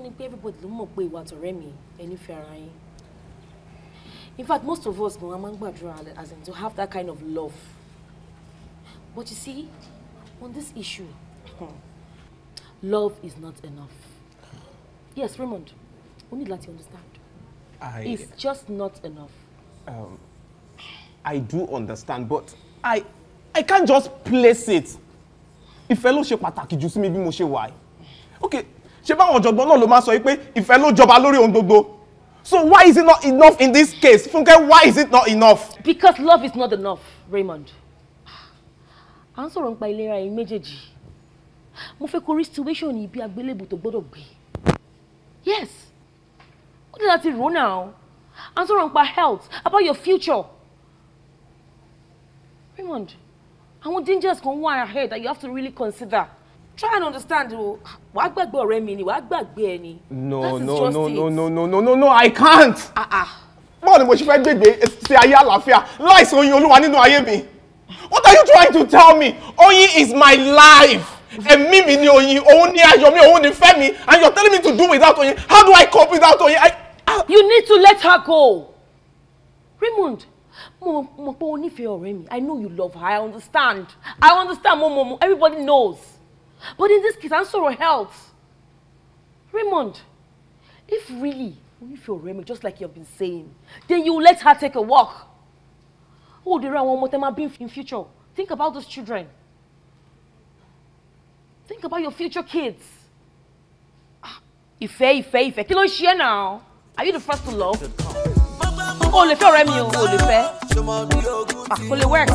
ni pé everybody ló mọ̀ pé ìwà tọ̀rẹ́ mi ẹni fi ara yín in fact most of us gan-an máa ń gbàdúrà as in to have that kind of love but you see on this issue Love is not enough. Yes, Raymond, we need you understand. I, it's just not enough. Um, I do understand, but I, I can't just place it. Ìfẹ́ ló ṣe pàtàkì jù sí mi bí mo ṣe wà. Okay, ṣé báwọn ọ̀jọ̀gbọ́n náà ló máa sọ pé ìfẹ́ ló jọba lórí ohun gbogbo? So why is it not enough in this case? Funke, why is it not enough? Because love is not enough, Raymond. À ń sọ̀rọ̀ nípa ìlera ẹ̀yin méjèèjì mo fẹ́ kó rí situation yìí bí agbélébù tó gbọ́dọ̀ gbé yes ó dé láti rò náà à ń sọ̀rọ̀ nípa health about your future Raymond àwọn dangers kan wà ahead that you have to really consider try and understand o wà á gbàgbé ọ̀rẹ́ mi ni wà á gbàgbé ẹ ni. no no no no no no no no no I can't. Ah, ah. báwo ni mo ṣe fẹ́ gbègbè sí ayé àlàáfíà láìsí oyin olúwa nínú ayé mi what are you trying to tell me oyin is my life ẹ̀mí mi ni oyin òun ni ayọ̀ mi òun ni fẹ́ mi and you are telling me to do without oyin how do I cope without oyin. you need to let her go Raymond mo mọ̀ pé o nífẹ̀ẹ́ ọ̀rẹ́ mi I know you love her I understand I understand mo mo mo everybody knows but in this case I'm n health Raymond if really o nífẹ̀ẹ́ ọ̀rẹ́ mi just like you have been saying then you let her take a walk o ò dé ra àwọn ọmọ tẹ́ máa in future think about those children. Think about your future kids. ìfẹ́ ìfẹ́ ìfẹ́ kí ló ń now? Are you the first to love? O oh, lè fẹ́ ọ̀rẹ́ Oh, o, o ah, lè fẹ́. work.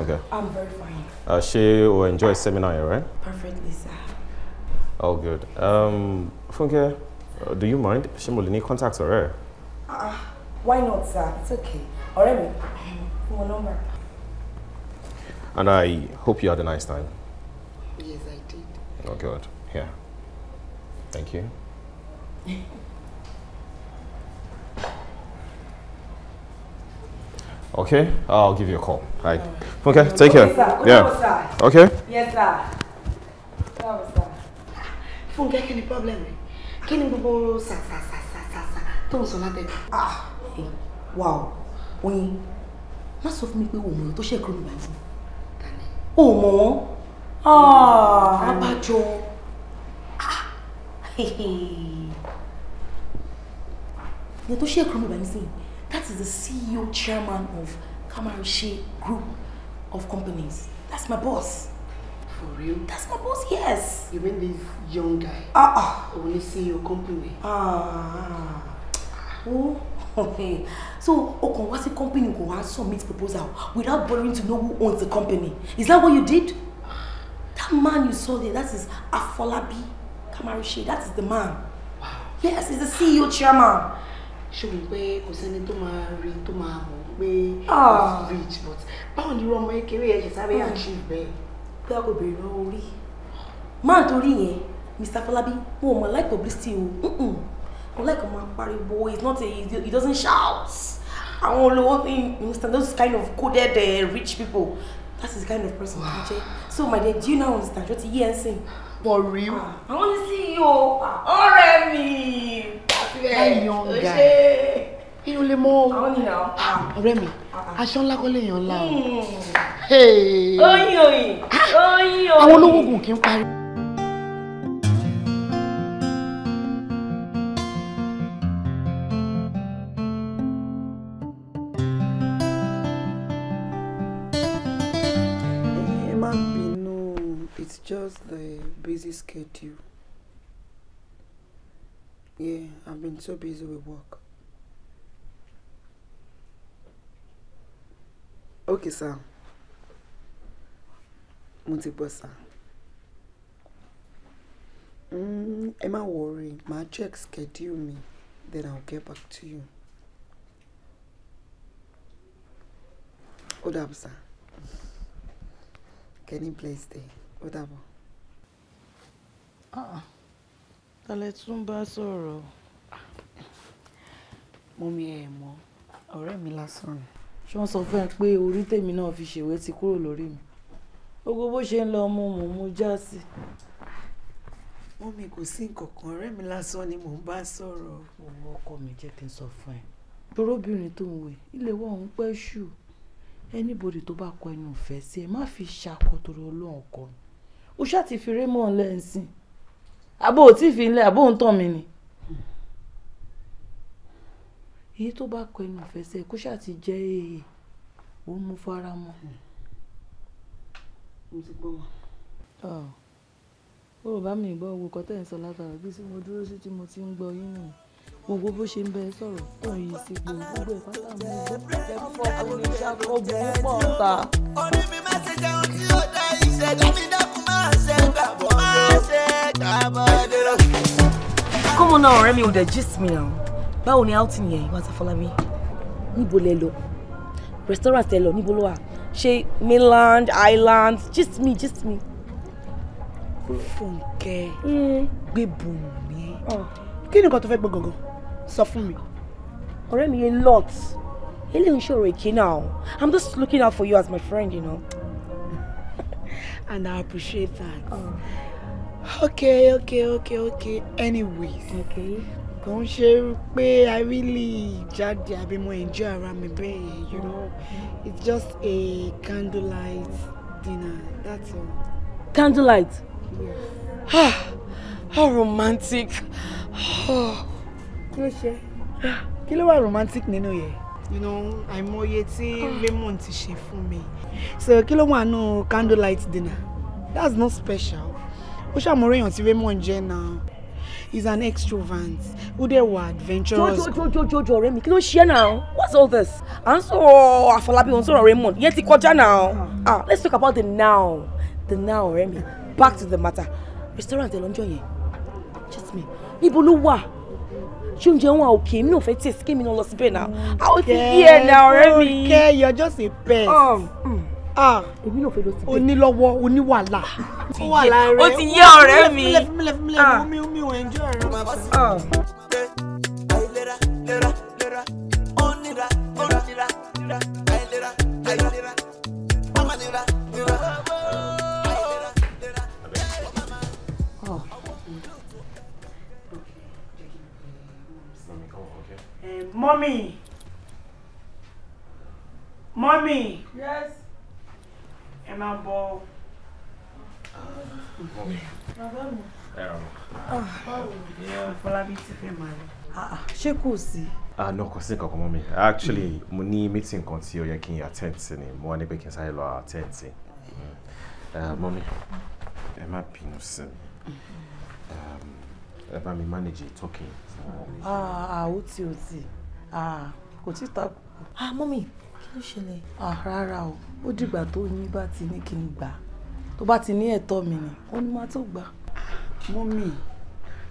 Okay. I'm very fine. Uh, she will enjoy seminar, right? Perfectly, sir. All good. Um, Funke, uh, do you mind? She mo need ní or ọ̀rẹ́? Uh, why not, sir? It's okay. Alright, my number. And I hope you had a nice time. Yes, I did. Oh, good. Yeah. Thank you. Okay, I'll give you a call. Right. Okay, take care. Yeah. Okay. Yes, sir. Fúnkẹ́ Can you problem rẹ̀? Kí ni gbogbo sàṣàṣàṣàṣà tó ń sọ látẹ̀lẹ̀? Ah! Wà ó, oyin, má sọ fún mi pé o mọ̀ tó ṣẹ̀kúrò nígbà yìí. O mọ̀ wọ́n? Ah! Abájọ. Ìyẹn ah! tó ṣẹ̀kúrò nígbà yìí sí yìí. That is the CEO chairman of Kamarushi Group of Companies. That's my boss. For real? That's my boss, yes. You mean this young guy? Ah, uh -uh. Only CEO company? Ah. Oh, okay. So, Okon what's the company who has submit proposal without bothering to know who owns the company. Is that what you did? That man you saw there, that is Afolabi Kamarushi. That is the man. Wow. Yes, he's the CEO chairman ṣùgbọ́n pé kò sẹ́ni tó máa rí tó máa mọ̀ pé ah. rich but báwo ni irú ọmọ kékeré yẹn ṣe sáré hmm. achieve bẹ́ẹ̀. pé a kò béèrè lọ́wọ́ orí máa torí yẹn Mr. Falabi mo ò mọ̀ like publicity o mo like ọmọ pariwo it's not a he doesn't shout àwọn olówó understand those kind of coded uh, rich people that is the kind of person wow. jẹ so my dear do you now understand what he hear and sing. for real. Ah, i wan see you ah, mi that young guy irun lè mọ ah, ọ̀rẹ́ mi ah, ah. aṣọ ńlá kọ́ lè yan ńlá o. Hmm. oyin oyin oyin oyin. àwọn olówó oògùn kì í parí. Eh, It's just the busy schedule. Yeah, I've been so busy with work. Okay, sir. Mo ti gbọ́, sir. Mm, ẹ má worry, màá check schedule mi, then I'll get back to you. Ó dàbọ̀, sir. Kenny Blaisdell, ó dàbọ̀. Uh-uh ta lẹ tún bá sọ̀rọ̀ mọ́mí ẹ̀ mọ́ ọ̀rẹ́ mi lásán ni ṣé wọ́n sọ fún ẹ pé orí tèmi náà fi ṣèwé ti kúrò lórí mi gbogbo bó ṣe ń lọ mú mò ń mú já sí i. mọ́mí kò sí nǹkan kan ọ̀rẹ́ mi lásán ni mò ń bá sọ̀rọ̀. owó ọkọ mi jẹ́ kí n sọ fún ẹ torobìnrin tó ń wè ilé wa òun pẹ́ ṣù anybody tó bá kọ ẹnu ìfẹ́ sí ẹ má fi ṣàkóso ọlọ́run kọ o ṣáà ti fi rémọ̀ lẹ́ǹsìn àbò ò tí ì fi ń lẹ àbò ń tàn mí ni. èyí tó bá kọ ẹnu ìfẹsẹ̀ kó ṣáà ti jẹ́ èyí ò mú fara mọ́. mo ti gbọ́ wọn. ó rò bá mi gbọ́ owó kan tẹ̀ ń sọ látara bí tí mo dúró sí tí mo ti ń gbọ́ yín nìyí mo bó ṣe ń bẹ sọ̀rọ̀ tó ń sí gbogbo ẹ̀ pátá mi ò mi má ṣe jẹun tí ó dá ìṣẹ̀lẹ̀ mi dákun máa ṣe gbàgbọ́ Come on now, mi ò dẹ̀ gist mi hàn báwo ni outing yẹn ìwà àtàfọlábí. níbo lẹ lọ restaurant ẹ lọ níbo ló wà ṣe mainland island gist me gist me. fúnkẹ́ mm. gbé bùnmi. Oh. kí ni nǹkan tó fẹ́ gbọ́ gangan sọ fún mi. ọ̀rẹ́ mi yẹn lot eléyìí ń ṣòro èké now. i'm just looking out for you as my friend you know. and i appreciate that. Oh okay okay okay okay anyways okay. ń ṣe pé i really jáde àbí mo enjoy ara mi bẹ́ẹ̀ you know it's just a candlelight dinner that's all. candlelight. Yes. ah how romantic. Ah. kí ló ṣe kí ló wà romantic nínú yẹn. you know àìmọye tí lemon ah. ti ṣe fún mi so kí ló wà nù candlelight dinner that's not special ó ṣàmúrò èèyàn tí Raymond jẹ́ he's an extrovert Who dẹ̀ wà adventurous. jojojojo ọ̀rẹ́ mi kí can you share now? what's all this à ń sọ̀rọ̀ àfọlábí òun sọ̀rọ̀ Raymond yẹn ti kọjá náà ah. ah let's talk about the now the now ọ̀rẹ́ back to the matter restaurant ẹ̀ lọ́jọ́ yẹn just me níbo ló wà ṣé oúnjẹ wọn òkè mi náà fẹ́ tẹ̀sí kí mi náà now, síbẹ̀ náà àwọn ti yí okay you're just a pest. Um, mm. Ah. Ah, èmi náà fẹ́ lọ sí bẹ́ẹ̀. onílọ́wọ́ oníwàlà. ó rẹ ó ti yé ọ̀rẹ́ mi. mílẹ̀ mílẹ̀ mílẹ̀ ah. mi mi ò enjoy rẹ. ṣé kò sí. ah no kò sí nǹkan kan mọ́ mi actually mo ní meeting kan tí ó yẹ kí n attend sí ni mo wá ní pé kí n sáré lọ attend sí eh, mọ́mí ẹ má bínú sí mi um, ẹ bá mi manage talking. ah, ah ó ti ah ti kò tí ta. ah mọ́mí kí ló ṣẹlẹ̀. ah rárá o ó dìgbà tó yín bá ti ní kí n gbà tó bá ti ní ẹ̀tọ́ mi ni ó ní má tó gbà mọ́mí.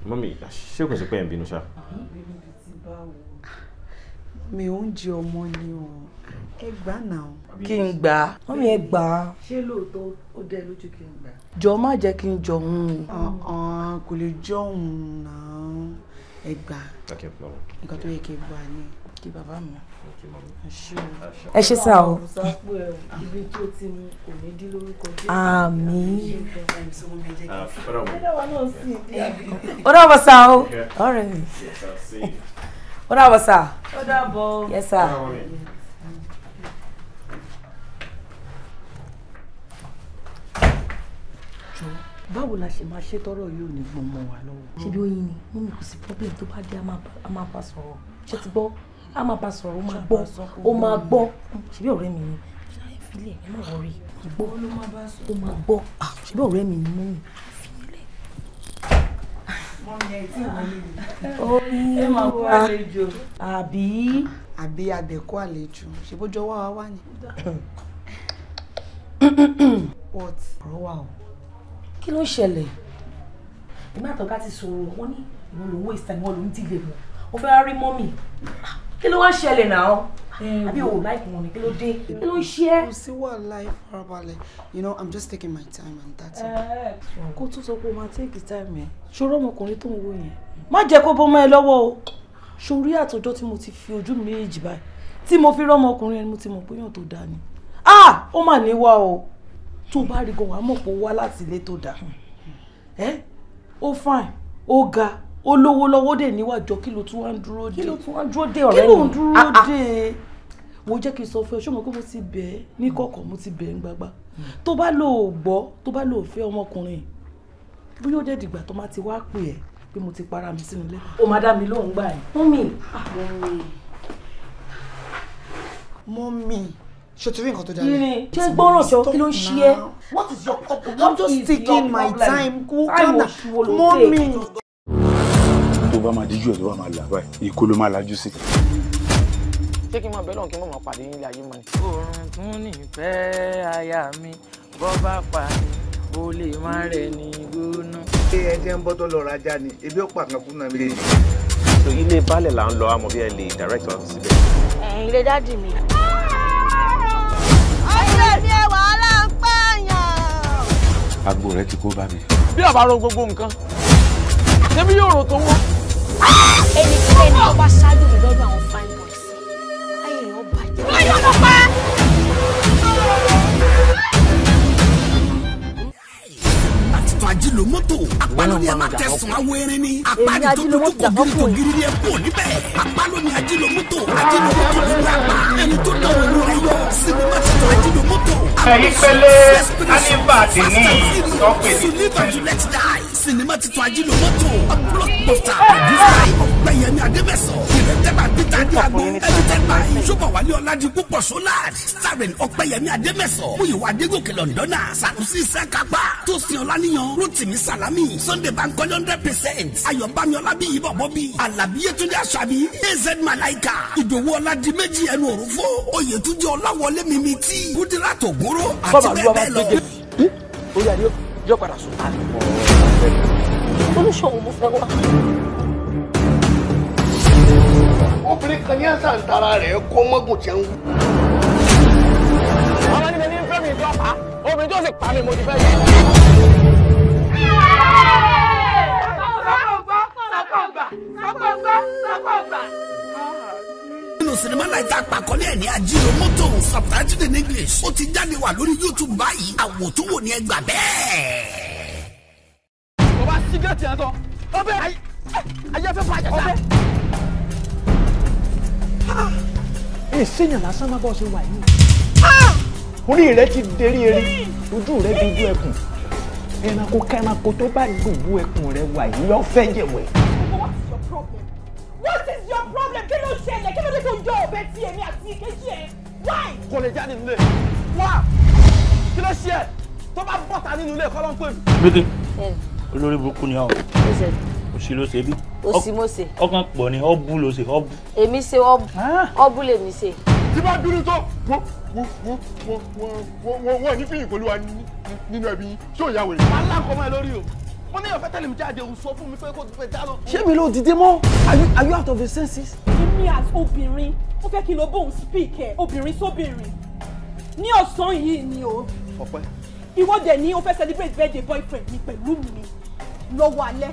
mọ́mí ṣé kò sí pé ẹ̀ ń bínú ṣá mi ò ń jẹ ọmọ ni o ẹ gbà náà. kí n gbà á. wọ́n mi ẹ gbà á. ṣé lóòótọ́ ó dẹ lójú kí n gbà. jọ má jẹ́ kí n jọ òun. kò lè jọ òun náà ẹ gbà. nǹkan tó yẹ kí n gbà ni kí bàbá mi. ẹ ṣe sá o. ibi tó ti mu kò ní dín lórúkọ jẹ́. àmín. ọ̀rọ̀ wọ̀ sá o. ọ̀rẹ́ mi ó dàbọ̀ sà. ó dàbọ̀. yes sà. báwo la ṣe máa ṣe tọrọ yìí ò ní gbọn mọ wa lọ́wọ́. ṣé bí oyin ni mo mú kò sí problem tó bá dé a máa bá sọ̀rọ̀ ṣé ti gbọ́ a máa bá sọ̀rọ̀ ó máa gbọ́ ó máa gbọ́ ṣé bí ọ̀rẹ́ mi ni ṣáà ẹ filẹ̀ ẹ má wọrí gbọ́ ó máa gbọ́ ah, ṣé bí mi ni mo mú omi wa àbí àbí abẹ̀kọ́ àlejò ṣèbójọ́ wá wá wá ni. what ọ̀rọ̀ wa o kí ló ṣẹlẹ̀. èmi àtọ́ká ti sọ̀rọ̀ wọ́n ní ìwọ ló ń waste time wọ́n ló ń dìgbè mọ́ ó fẹ́ rí mọ́mì kí ló wá ṣẹlẹ̀ náà. Eh, àbí o láìpẹ wọn ni kí ló share. You see what life kò sí wàhálà you know i'm just taking my time and that's it. Go eh. to sọ pé Take his time man. ṣòro ọmọkùnrin tó ń wo yẹn má jẹ́ kó bọ́ mọ́ ẹ lọ́wọ́ o ṣòrí àtọjọ́ tí mo ti fi ojú mi méjì báyìí tí mo fi rọ́mọkùnrin ẹni mo ti mọ̀ pé to tó dáa ni ah ó mà ní wá o tó bá rí gan-an mọ̀ pé ó wá láti ilé tó dáa ẹ fine ó ga ó lówó lọ́wọ́ dé níwájọ kí ló tún wá ń dúró dé kí ló tún wá ń dúró dé mo jẹ́ kí n sọ fún ẹ ṣé mo kó mo ti bẹ̀ ẹ́ ní hmm. kọ̀kọ̀ mo ti bẹ̀ ẹ́ ń gbagba hmm. tó bá lò ó gbọ́ tó bá lò ó fẹ́ ọmọkùnrin bí yóò dẹ̀ dìgbà tó má ti wá pè ẹ́ pé mo ti para mi sínú ilé o má dá mi lóhùn gbà ẹ́. Ah. mọ́mì mọ́mì ṣòtúrí nǹkan tó dára. irin ṣé gbọ́ràn ṣọ kí ló ń ṣe ẹ́. what is your problem. i'm just taking my time kó kánà mọ́mì. tó bá máa díjú ẹ̀ ló wà máa là báyìí ikú ló máa lajú sí i ṣé kí n máa bẹ lọ́hùn kí n máa pàdé nílé ayé mọ́ ni. oorun tún nífẹ̀ẹ́ aya mi bọ́ bá pa mi o lè má rẹ̀ ní gbóná. ṣé ẹ jẹ́ ń bọ́ tó lọ rajà ni ebi ó pàkan kú náà méjèèjì. so ilé baálẹ̀ là ń lọ àmọ́ bí ẹ lè direct wa síbẹ̀. ẹ̀yin ilé dádì mi. ọ̀sẹ̀ mi ẹ̀ wàhálà ń pààyàn. agbo rẹ ti kó bá mi. bí àbá ro gbogbo nǹkan ṣé bí yóò rò tó wọ́n. ẹnikẹ́ni wá ṣáájú mi. àpálóni ẹ má tẹsán awo erin ni àpárí tó dúdú gírí tó gírí ni ẹ kú níbẹ̀ àpálóni ajílómútò ajílómútò ló gbà pa ẹni tó dáwọ ìlú rẹ yọ sinimá tètè ajílómútò. ẹ̀yin pẹ̀lẹ́ anibadi ní ìtọ́pẹ̀ sinimá titun ajílò mọ́tò a blockbuster produced by ọ̀gbẹ́yẹmí adébẹ̀sọ̀ directed by peter diago edited by ṣùgbọ̀wálé ọ̀làdìkú pọ̀ solar starring ọ̀gbẹ́yẹmí adébẹ̀sọ̀ oyèwà adégòkè lọ́ndọ́nà sàrùsí sẹ́kápá tósìn ọ̀làníyàn rotimi salami sunday bankole hundred percent ayọ̀bámi ọlábíyí bọ̀bọ̀bí alábí yétúndé aṣábí az malaika ìdòwú ọ̀làdì méjì ẹnu òrùfó oyètúndé ọ̀làwọlé mímí tí kúdírà tògbóró àti bẹ́ẹ̀ bẹ́ẹ̀ lọ. ó yà ni yóò padà sùn oníṣọ òun mo fẹ́ wá. obìnrin kan ní àṣà ń tara rẹ̀ kọ́ mọ́gùn tí ń wú. ọmọ ní mi ní fẹ́ mi ìjọ pa obìnrin tó sì pa mi mo ti fẹ́ yẹ. nínú sinimá náà ní English ó ti jáde wà lórí YouTube báyìí àwòtúwò ni ẹ gbà bẹ́ẹ̀ sígẹ́ẹ̀tì yẹn tán ọbẹ̀ ayé fẹ́ bàjẹ́ sá. èsèyàn lásán má bọ́ ṣe wà yìí ah! orí rẹ ti dérí eré ojú rẹ dúdú ẹkùn ẹranko kẹranko tó bá dùbú ẹkùn What is your problem? What is your problem? kí ló ṣẹlẹ̀ kí ló dé tó ń jọ ọ̀bẹ tí èmi àti ìkejì ẹ̀ wáì. kò lè jáde nílé wá olórí burúkú ni ọ òsì ló ṣe bí òsì mo ṣe ọkàn pọ̀ ni ọbú ló ṣe ọbú. èmi ṣe ọbú ọbú lèmi ṣe. tí bá dúró tó wọ́n ní fíyìn pẹ̀lú wa nínú ẹbí yín ṣé ò yà wèrè. aláǹkọ́ máa lórí o mo ní ìyànfẹ́ tẹ́lẹ̀ mi jáde òun sọ fún mi pé kó tó fẹ́ já lọ. ṣé mi ló dìde mọ́ are you out of your senses. èmi as obìnrin ó fẹ́ kí n lọ bóun speak ẹ̀ obìnrin sóbìnrin ní ọ̀sán yìí ni o. ọpẹ́ ìwọ dẹ̀ ní o fẹ́ celebrate birthday boyfriend mi pẹ̀lú mi lọ́wọ́ alẹ́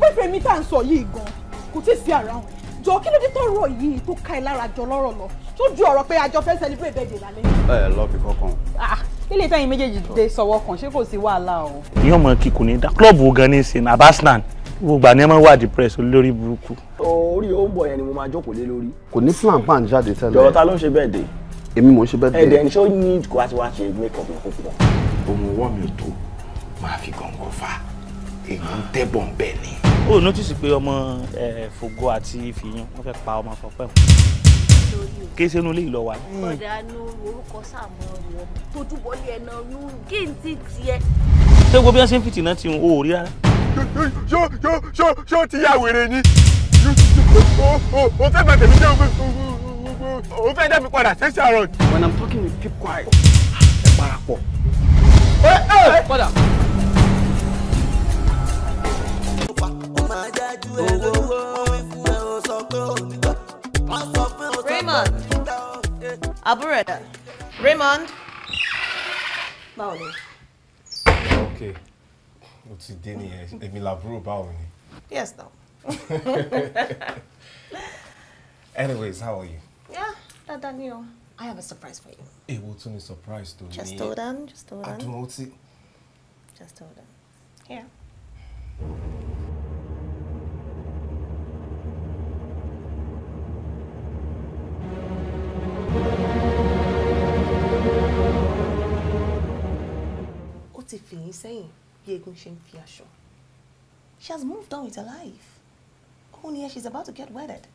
boyfriend mi tá à ń sọ yìí gan kò tí ì sí around jọ kí ló dé tọrọ yìí tó ka ẹ lára jọ lọ́rọ̀ lọ tó ju ọ̀rọ̀ pé àjọ fẹ́ celebrate birthday lálẹ́. ẹ lọ fi kankan. ilé ìtàn yìí méjèèjì dé sọ́wọ́ kan ṣé kò sí wàhálà o. ìyá ọmọ kíkùn ní dá klọ́ọ̀bù gan ní sin abasnan gbogbo àná máa ń wà depressed olórí burúkú. orí òǹbọ̀ yẹn ni mo máa jókòó lé lórí. kò ní plan jáde tẹ́lẹ̀. jọ̀rọ̀ ta ló ń ṣe birthday. èmi mò ń ṣe birthday. ẹ̀dẹ̀ ní ṣó ní kó a ti wá ṣe make up ní kókó ọmọ ọwọ́ mi ò tó máa fi gàngàn fa èèyàn ń tẹ́bọ̀ bẹ́ẹ̀ ni. ó nọ́tìsì pé ọmọ fògo àti fìyàn wọ́n fẹ́ pa ọmọ fọpẹ́ wọn kí sínú ilé ìlọ wa. Hmm. ọ̀dà orúkọ sàmọ́ wọn tójú wọlé ẹ̀nà nu kí n ti tiẹ̀. ṣé gbogbo bí ṣe ń fìtìnà ti hùn rí rárá. ṣó ṣó ṣó ṣó ti yà wèrè ni o fẹ́ bàtẹ̀ mi jẹ́ o fẹ́ dá padà sẹ́sẹ̀ àárọ̀. When I'm talking with keep quiet ẹ parapọ̀. What up? Raymond. Abureda. Raymond. Báwo Okay. what's your dé nìyẹn. Èmi làbúrò báwo Yes, now. Anyways, how are you? Yeah, dáadáa ni I have a surprise for you. Èwo tún ni surprise tó ní? Just hold on, just hold on. Àdùnmọ́tì. Just hold on. Here. Ó ti fìyín sẹ́yìn bí egun ṣe ń fi aṣọ. She has moved on with her life. Òun ni ẹ she's about to get wedded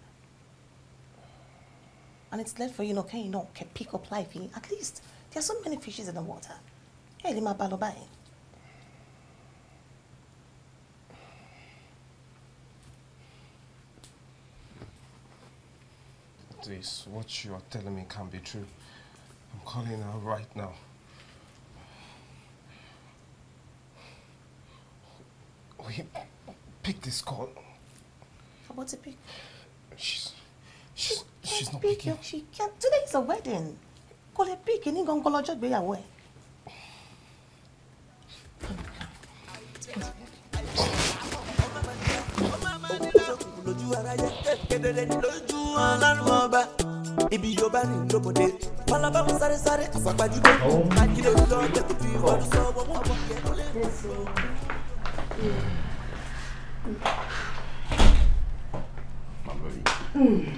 and it's left for you, know, can you know, can pick up life in at least. There are so many fishes in the water. Hey, Lima Balobai. This, what you are telling me can't be true. I'm calling her right now. We pick this call? How about to pick? She's, she's, She's not picking. She can't. Today is a wedding. Call her pick ní gangan lọ́jọ́ ìgbéyàwó ẹ̀. lójú aráyé kedere lójú Mm.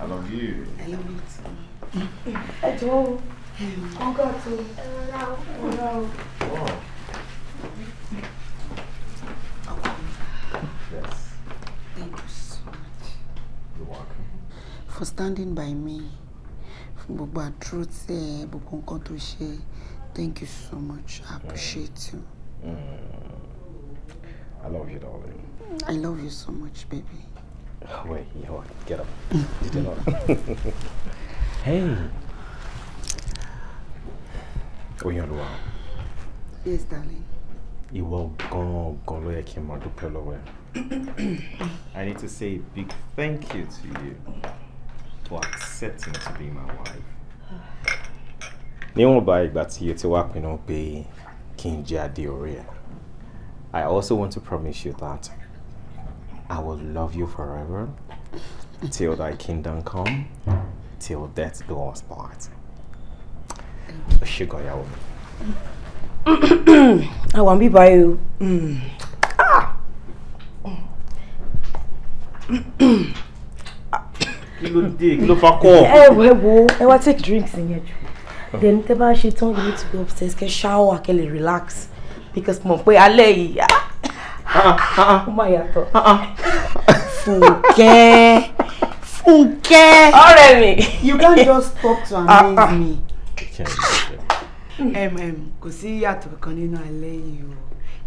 I love you. I love you too. Ẹ jọ̀ọ́ o. Ọgá tó. Ẹ̀rọ ọ̀rọ̀ o. Ọkọ mi. Yes. Thank you so much. You're welcome. For standing by me. Fún gbogbo truth, eh, ẹ gbogbo nǹkan tó ṣe. Thank you so much. I appreciate you. Mm. I love you, darling. I love you so much, baby. Wait, hold on. Get up. Get up. hey. Oyinoluwa. Yes, darling. You were gone, gone an ló yẹ kí n I need to say a big thank you to you for accepting to be my wife. Níwọ̀nba ìgbà tí o ti wá pinnu pé kí n jẹ́ adé I also want to promise you that I will love you forever till thy kingdom come, till death do us part. Sugar, ìyàwó I want to báyìí o. Kí ló dé? Kí ló fa kọ́? Ẹ eh, eh, eh, take drinks in here. Then tẹ bá ṣe tán you to go upstairs get shower, get relax because my boy, I lay ó máa yàtọ̀ ah, ah. Fúnkẹ́ Fúnkẹ́. ọ̀rẹ́ mi. you can't just talk to ah, amaze me. Hmm. kò sí yàtọ̀ kan nínú alẹ́ yìí o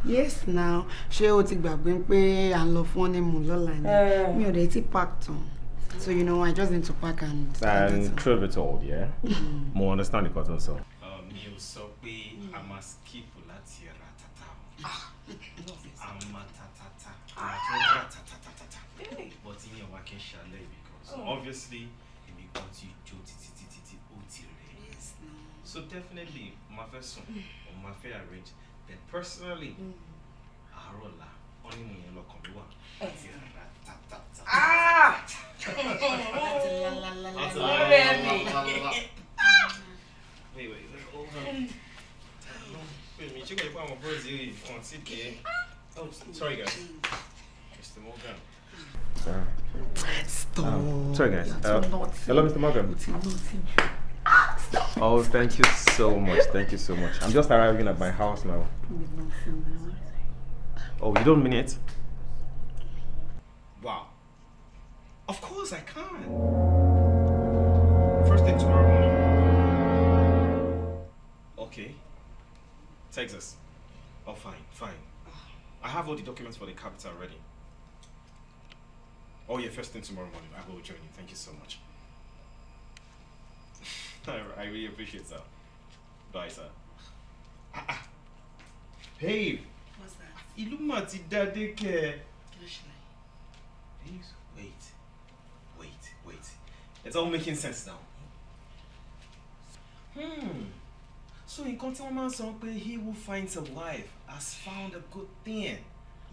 yes now ṣé o ti gbàgbé pé à ń lọ fún honeymoon lọ́la ni eh. mi ò dé ti pack tán. So you know, I just need to pack and. And truth be told, yeah, hmm. mo understand the cotton so. mi ò sọ pé a máa obviously èmi kan ti jó títí títí so definitely my first sùn or mm. my fẹ́ arrange then personally I mm. roll wọ́n only when yẹn look on the one. rárá wait wait hold on. pèmí ṣé kò ah! oh sorry guys Mr. Mm. Morgan. Sorry. Stop. Um, sorry, guys. Uh, hello, Mr. Morgan. Oh, thank you so much. Thank you so much. I'm just arriving at my house now. Oh, you don't mean it? Wow. Of course I can. First thing tomorrow morning. Okay. Texas. Oh, fine, fine. I have all the documents for the capital ready. Oh yeah, first thing tomorrow morning. I will join you. Thank you so much. I really appreciate that. Bye, sir. Hey. Ah, ah. What's that? Ilumati daddy dade ke. Please wait, wait, wait. It's all making sense now. Hmm. So in Kontinwaman's uncle, he who finds a wife has found a good thing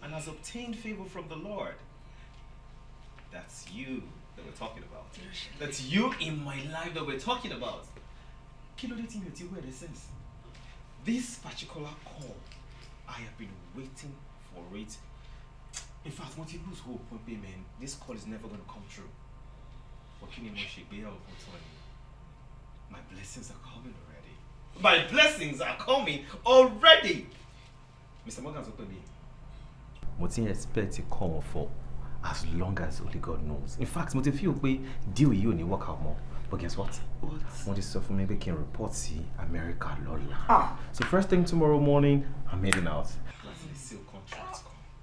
and has obtained favor from the Lord. That's you that we're talking about. That's you in my life that we're talking about. Kí ló dé tí mi ò ti sense? This particular call, I have been waiting for it. In fact, mo you lose hope pé man, this call is never going to come true. My blessings are coming already. My blessings are coming already! Mr. Morgan sọ pé What do you expect call for as long as only God knows in fact most of you we deal with you and you work out more. but guess what What? ti sọ maybe can report see America lọ́la ah. so first thing tomorrow morning I'm heading out. seal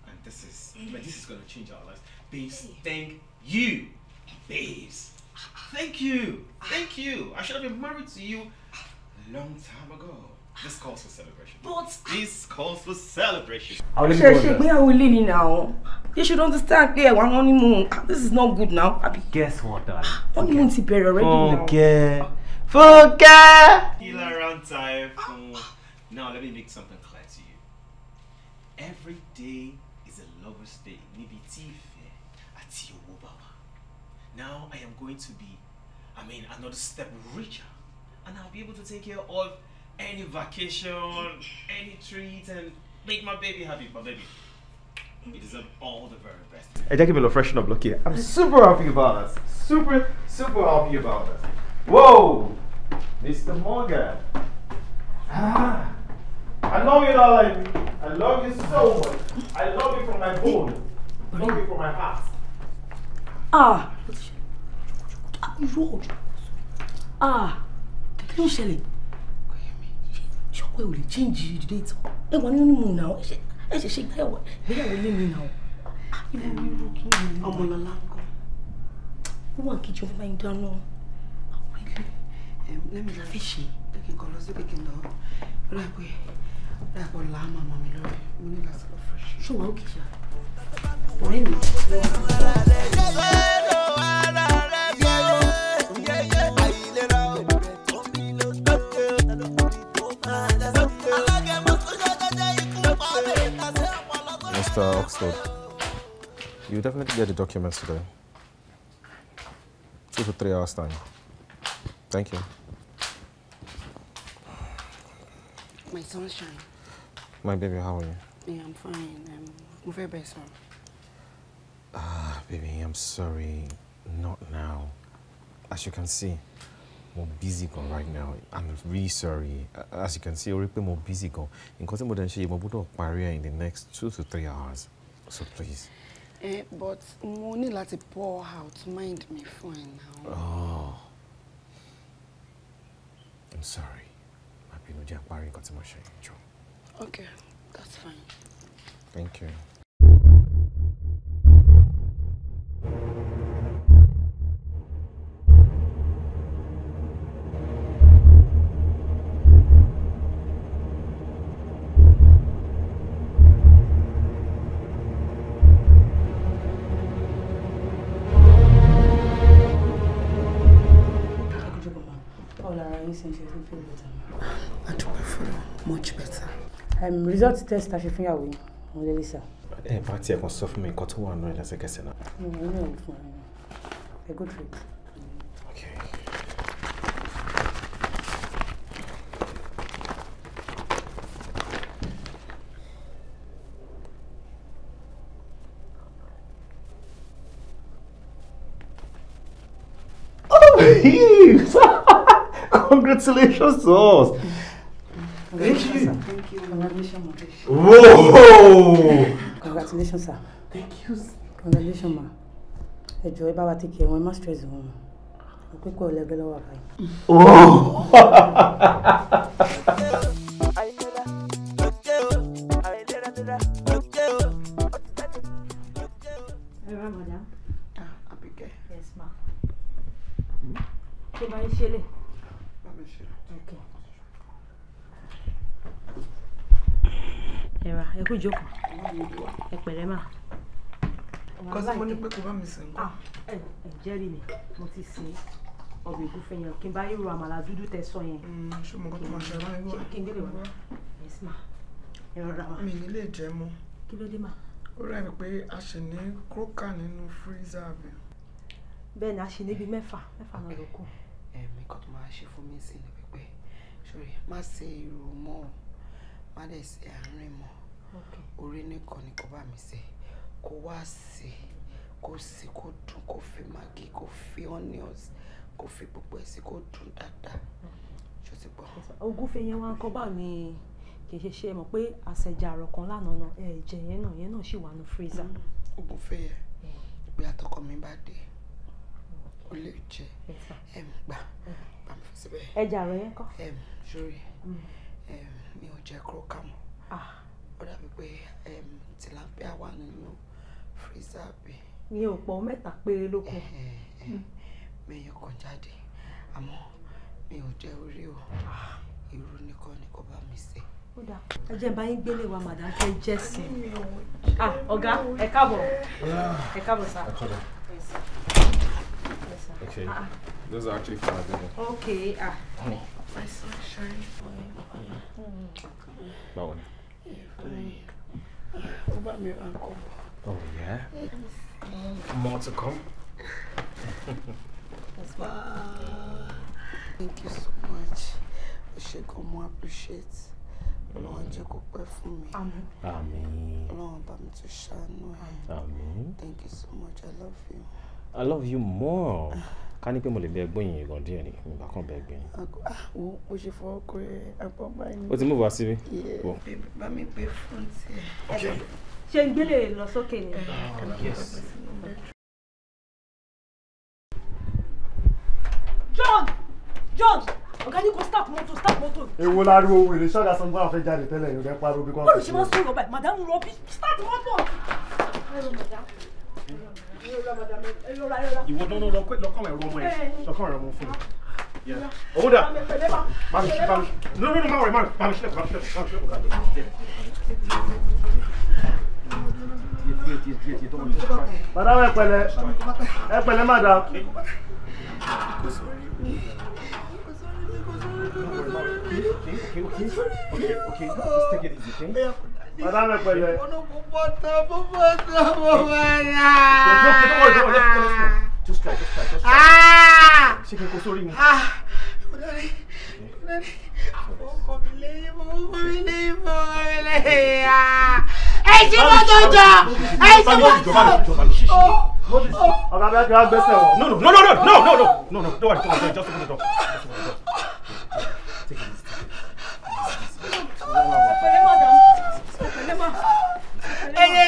and this is this is gonna change our lives babes thank you babes thank you thank you I should have been married to you a long time ago. This calls for celebration. But this calls for celebration. I'll let go where are we leaning now? You should understand there, yeah, one honeymoon. This is not good now. Abi. Guess what, darling? Ah, honeymoon okay. Tiberi already okay. now. Funke! Heal around time. Now, let me make something clear to you. Every day is a lover's day. Níbi tí àti owó Now I am going to be, I mean, another step richer. And I'll be able to take care of any vacation, any treat, and make my baby happy. My baby, you deserve all the very best. I take a little freshen up here. i I'm super happy about this. Super, super happy about this. Whoa! Mr. Morgan. Ah, I love you darling. I love you so much. I love you from my bone. I love you from my heart. Ah! Ah! Kí ló ń pé o lè change the date ẹ wà nínú mu náà ẹ ṣe ṣe ìgbéyàwó ìgbéyàwó ilé mi náà ah, ọmọlọlá ńkọ́ ó wà kí jọba ń dáná àwọn ilé lẹ́mi la fi ṣe kí n kọ lọ sí kékeré lọ rà pé rà pọ̀ là á màmá mi lórí mo ní láti lọ fresh. ṣùgbọ́n ó kì í ṣe ọ̀rẹ́ mi. Mr. Oxford. You definitely get the documents today. Two to three hours time. Thank you. My sunshine. My baby, how are you? Yeah, I'm fine. I'm very better. Ah, baby, I'm sorry. Not now. As you can see, more busy go right now i'm really sorry as you can see we're orí pé more busy gan nǹkan tí mo dẹ̀ ń ṣe yìí mo gbọ́dọ̀ parí ẹ̀ in the next two to three hours so please. Eh, but mo let láti pour out mind me for now. oh i'm sorry má bínú jẹ́ parí nǹkan tí mo ṣe jù. okay that's fine. thank you. um, result test ta ṣe think I yìí mo lè rí sà. ẹ bá tiẹ̀ kan sọ fún mi nǹkan tó wà nínú ẹ̀ lẹ́sẹ̀kẹsẹ̀ náà. mi ò ní ìwé fún ẹ ẹ go Okay. Oh, Congratulations to us. Thank you. Thank you. Congratulations, ma. Whoa! Congratulations, sir. Thank you. Congratulations, ma. Ẹ jọ̀ọ́ ẹ bá wa take care wọn, ẹ má stress wọn. level kọ́ ọ̀lẹ́gbẹ́ lọ́wọ́ àbáyé. jẹ́rìí mi mo ti sè ọbẹ̀ ìgúfe yẹn kí n bá yín ro àmàlà dúdú tẹ sọ yẹn. Mm, ṣé mo kọ́ tó máa ṣe ara yín wá. kí n gbé lè wá yẹsì mi ní lè jẹ mọ. kí ló dé mà. ó rẹ̀ mí pé a ṣì ní kúrókà nínú fírísà mi. bẹ́ẹ̀ ni a ṣì níbi mẹ́fà mẹ́fà náà ló kù. ẹ̀mí kan tó máa ṣe fún mi sí ni pípẹ́ sórí má ṣe irú mọ́ ọ má dẹ̀ ṣe àárín mọ́ orí nìkan ni kò bá mi ṣe kó wá sí i kó sí kó dùn kó fi magi kó fi onions kó fi gbogbo ẹ̀ sí kó dùn dáadáa ṣó ti gbọ́. ogúnfe yẹn wá ń kọ́ bá mi kì í ṣe ṣe mọ̀ pé àṣẹjà àrọ̀ kan lánàá náà ẹ̀ yẹn náà yẹn náà ṣì wà ní freezer. Mm, ogúnfe yẹn ìgbé mm. àtọkọ mi bá dé o lè jẹ ẹ ń gbà bá mi fi síbẹ̀. ẹja rẹ yẹn kọ́. ẹ ṣòrí mm. mi ò jẹ kúrókà mọ́ ah. ó dàbí pé tilapia wà nínú freezer bíi ìyẹn ò pọ̀ mẹ́ta péré ló kù. mi yẹn kọ jáde àmọ́ mi ò jẹ́ orí o ah, irú nìkan ni kò bá mi ṣe. ó dà ẹ jẹ́ bá yín gbélé wa màdá fẹ́ jẹ́ sí i. Ah, ọ̀gá ẹ káàbọ̀ ẹ káàbọ̀ sá. Okay, ah, those are actually fine. Okay, ah. Oh. My sunshine. Báwo ni? Ó bá mi ra nǹkan. Oh yeah. More to come. wow. Thank you so much. Oṣegun, more appreciate. Lord, you kó pray for me. Amen. Amen. Lord, mi tún ṣàánú ẹ̀. Àmín. Thank you so much. I love you. I love you more. Can you pay mo lè bẹ ẹgbọ́n yìí gan díẹ̀ ni ìgbà kan bẹ ẹgbẹ́ yìí. àwọn o ṣe fọwọ́ kọ ẹ agbọ́n What's the move, mú Yeah. síbí. bá mi gbé fún tiẹ̀ ṣe ń gbélé lọ sókè ni. George eh, ah, George ọ̀gá ní kò start moto start moto. èwo lariwo wèrè ṣọ́ọ̀gà sọ fún àfẹ́ jáde tẹ́lẹ̀ yóò fẹ́ pariwo bí kò. bọ́ọ̀lù ṣe máa ń sọ̀rọ̀ báyìí madam rọbí start moto. ìwọ dáná lọ kọ́wé ẹ̀rọ ọmọ ẹ̀ sọ́kàn ẹ̀rọ ọmọ fún mi. Owó dà, bá mi ṣe bá mi ṣe. No no no, má wọ̀rẹ̀ má wọ̀rẹ̀ bá mi ṣe bá mi ṣe bá mi ṣe madam ẹ pẹ̀lẹ́ ẹ pẹ̀lẹ́ madam. madam ẹ pẹ̀lẹ́. Just try, just try, just try. Ah! Ṣé kí n kó sórí mi? Ah! Olórí, olórí, ọkọ mi lè yí, ọkọ mi lè yí, ọkọ mi lè ẹ̀jẹ̀ mọ́tò jọ ẹ̀jẹ̀ mọ́tò. Ọ̀gá bẹ́ẹ̀ kí wọ́n gbẹ́sẹ̀ wọ̀. No no no no no no no no no don't worry don't worry just open the door. Take it easy.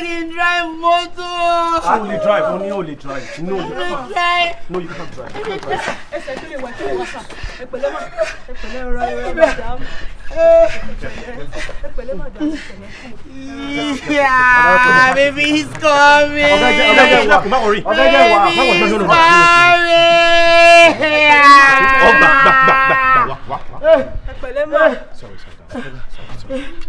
jẹ́ kí drive mọ́tò. a lè drive o ní drive no you can't drive no you can't drive. ẹsẹ̀ tó lè wà tó lè wà fà ẹ̀pẹ̀lẹ́ mà ẹ̀pẹ̀lẹ́ ọ̀rọ̀ ẹ̀rọ madam ẹ̀pẹ̀lẹ́ madam yeah baby he's coming baby he's coming. ọgbà gbà gbà gbà wá. ẹ̀pẹ̀lẹ́ mà. sorry sorry sorry sorry.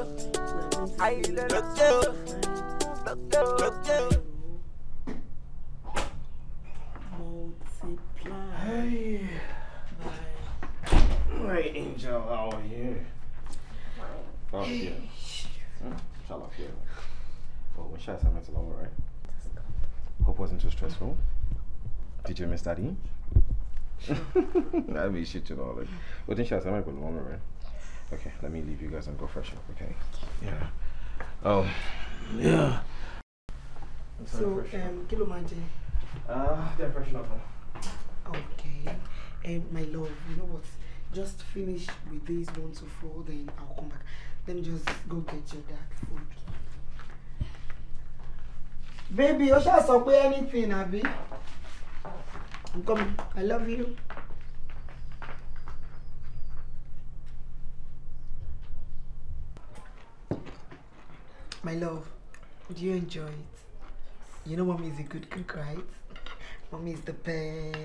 Multiply. Hey. my angel, how are you? Oh, yeah. Hmm? Shall I feel? Well, we share some mental right? Hope wasn't too stressful. Did you miss daddy? That'd be shit, you know. Like, well, then she has something with the woman, right? Okay, let me leave you guys and go fresh up, okay? Yeah. Oh. Yeah. So, um, kilo ló Ah, they're Okay. Um, my love, you know what? Just finish with these one to four, then I'll come back. Then just go get your dad food. Baby, you should have pé anything, Abby. i I'm coming. I love you. My love, do you enjoy it? You know mommy is a good cook, right? Mommy is the best.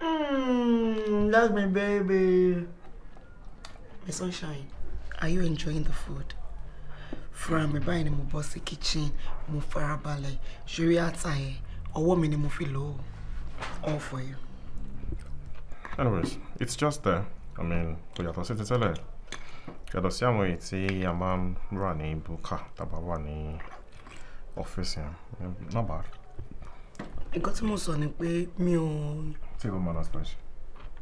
Mmm, that's my baby. My sunshine, are you enjoying the food? From me buying ni mo kitchen mo farabalẹ̀ ṣeré àtà yẹn ọwọ́ mi ni all for you. anyways it's just there i mean we kò yàtọ̀ sí ti tẹ́lẹ̀. yàtọ̀ sí àwọn èyí tí a búkà tàbá not bad. tí mo sọ ni pé mi ò. table manners please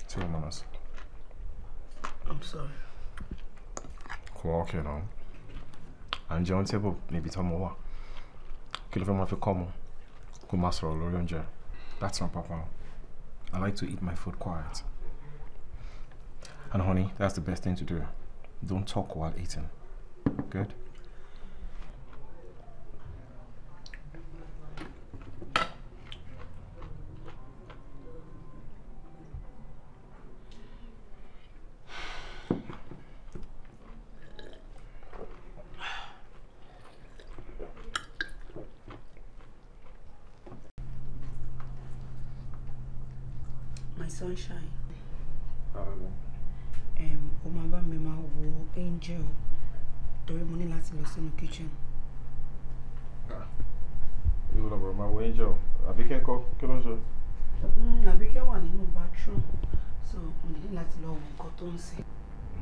table manners. i'm sorry. kò ọkẹ náà à ń jẹun table níbi tí ọmọ wà kí fẹ́ máa fi kọ́ ọmọ that's i like to eat my food quiet and honey that's the best thing to do. Don't talk while eating. Good. My sunshine. angel torí mo ní láti lọ sínú kitchen. yóò ah, lọ bọ̀rọ̀ máa wọ angel àbíkẹ́ ńkọ́ kí ló ń ṣe. Hmm, àbíkẹ́ wà nínú bathroom so mo ní láti lọ wo nǹkan tó ń sè.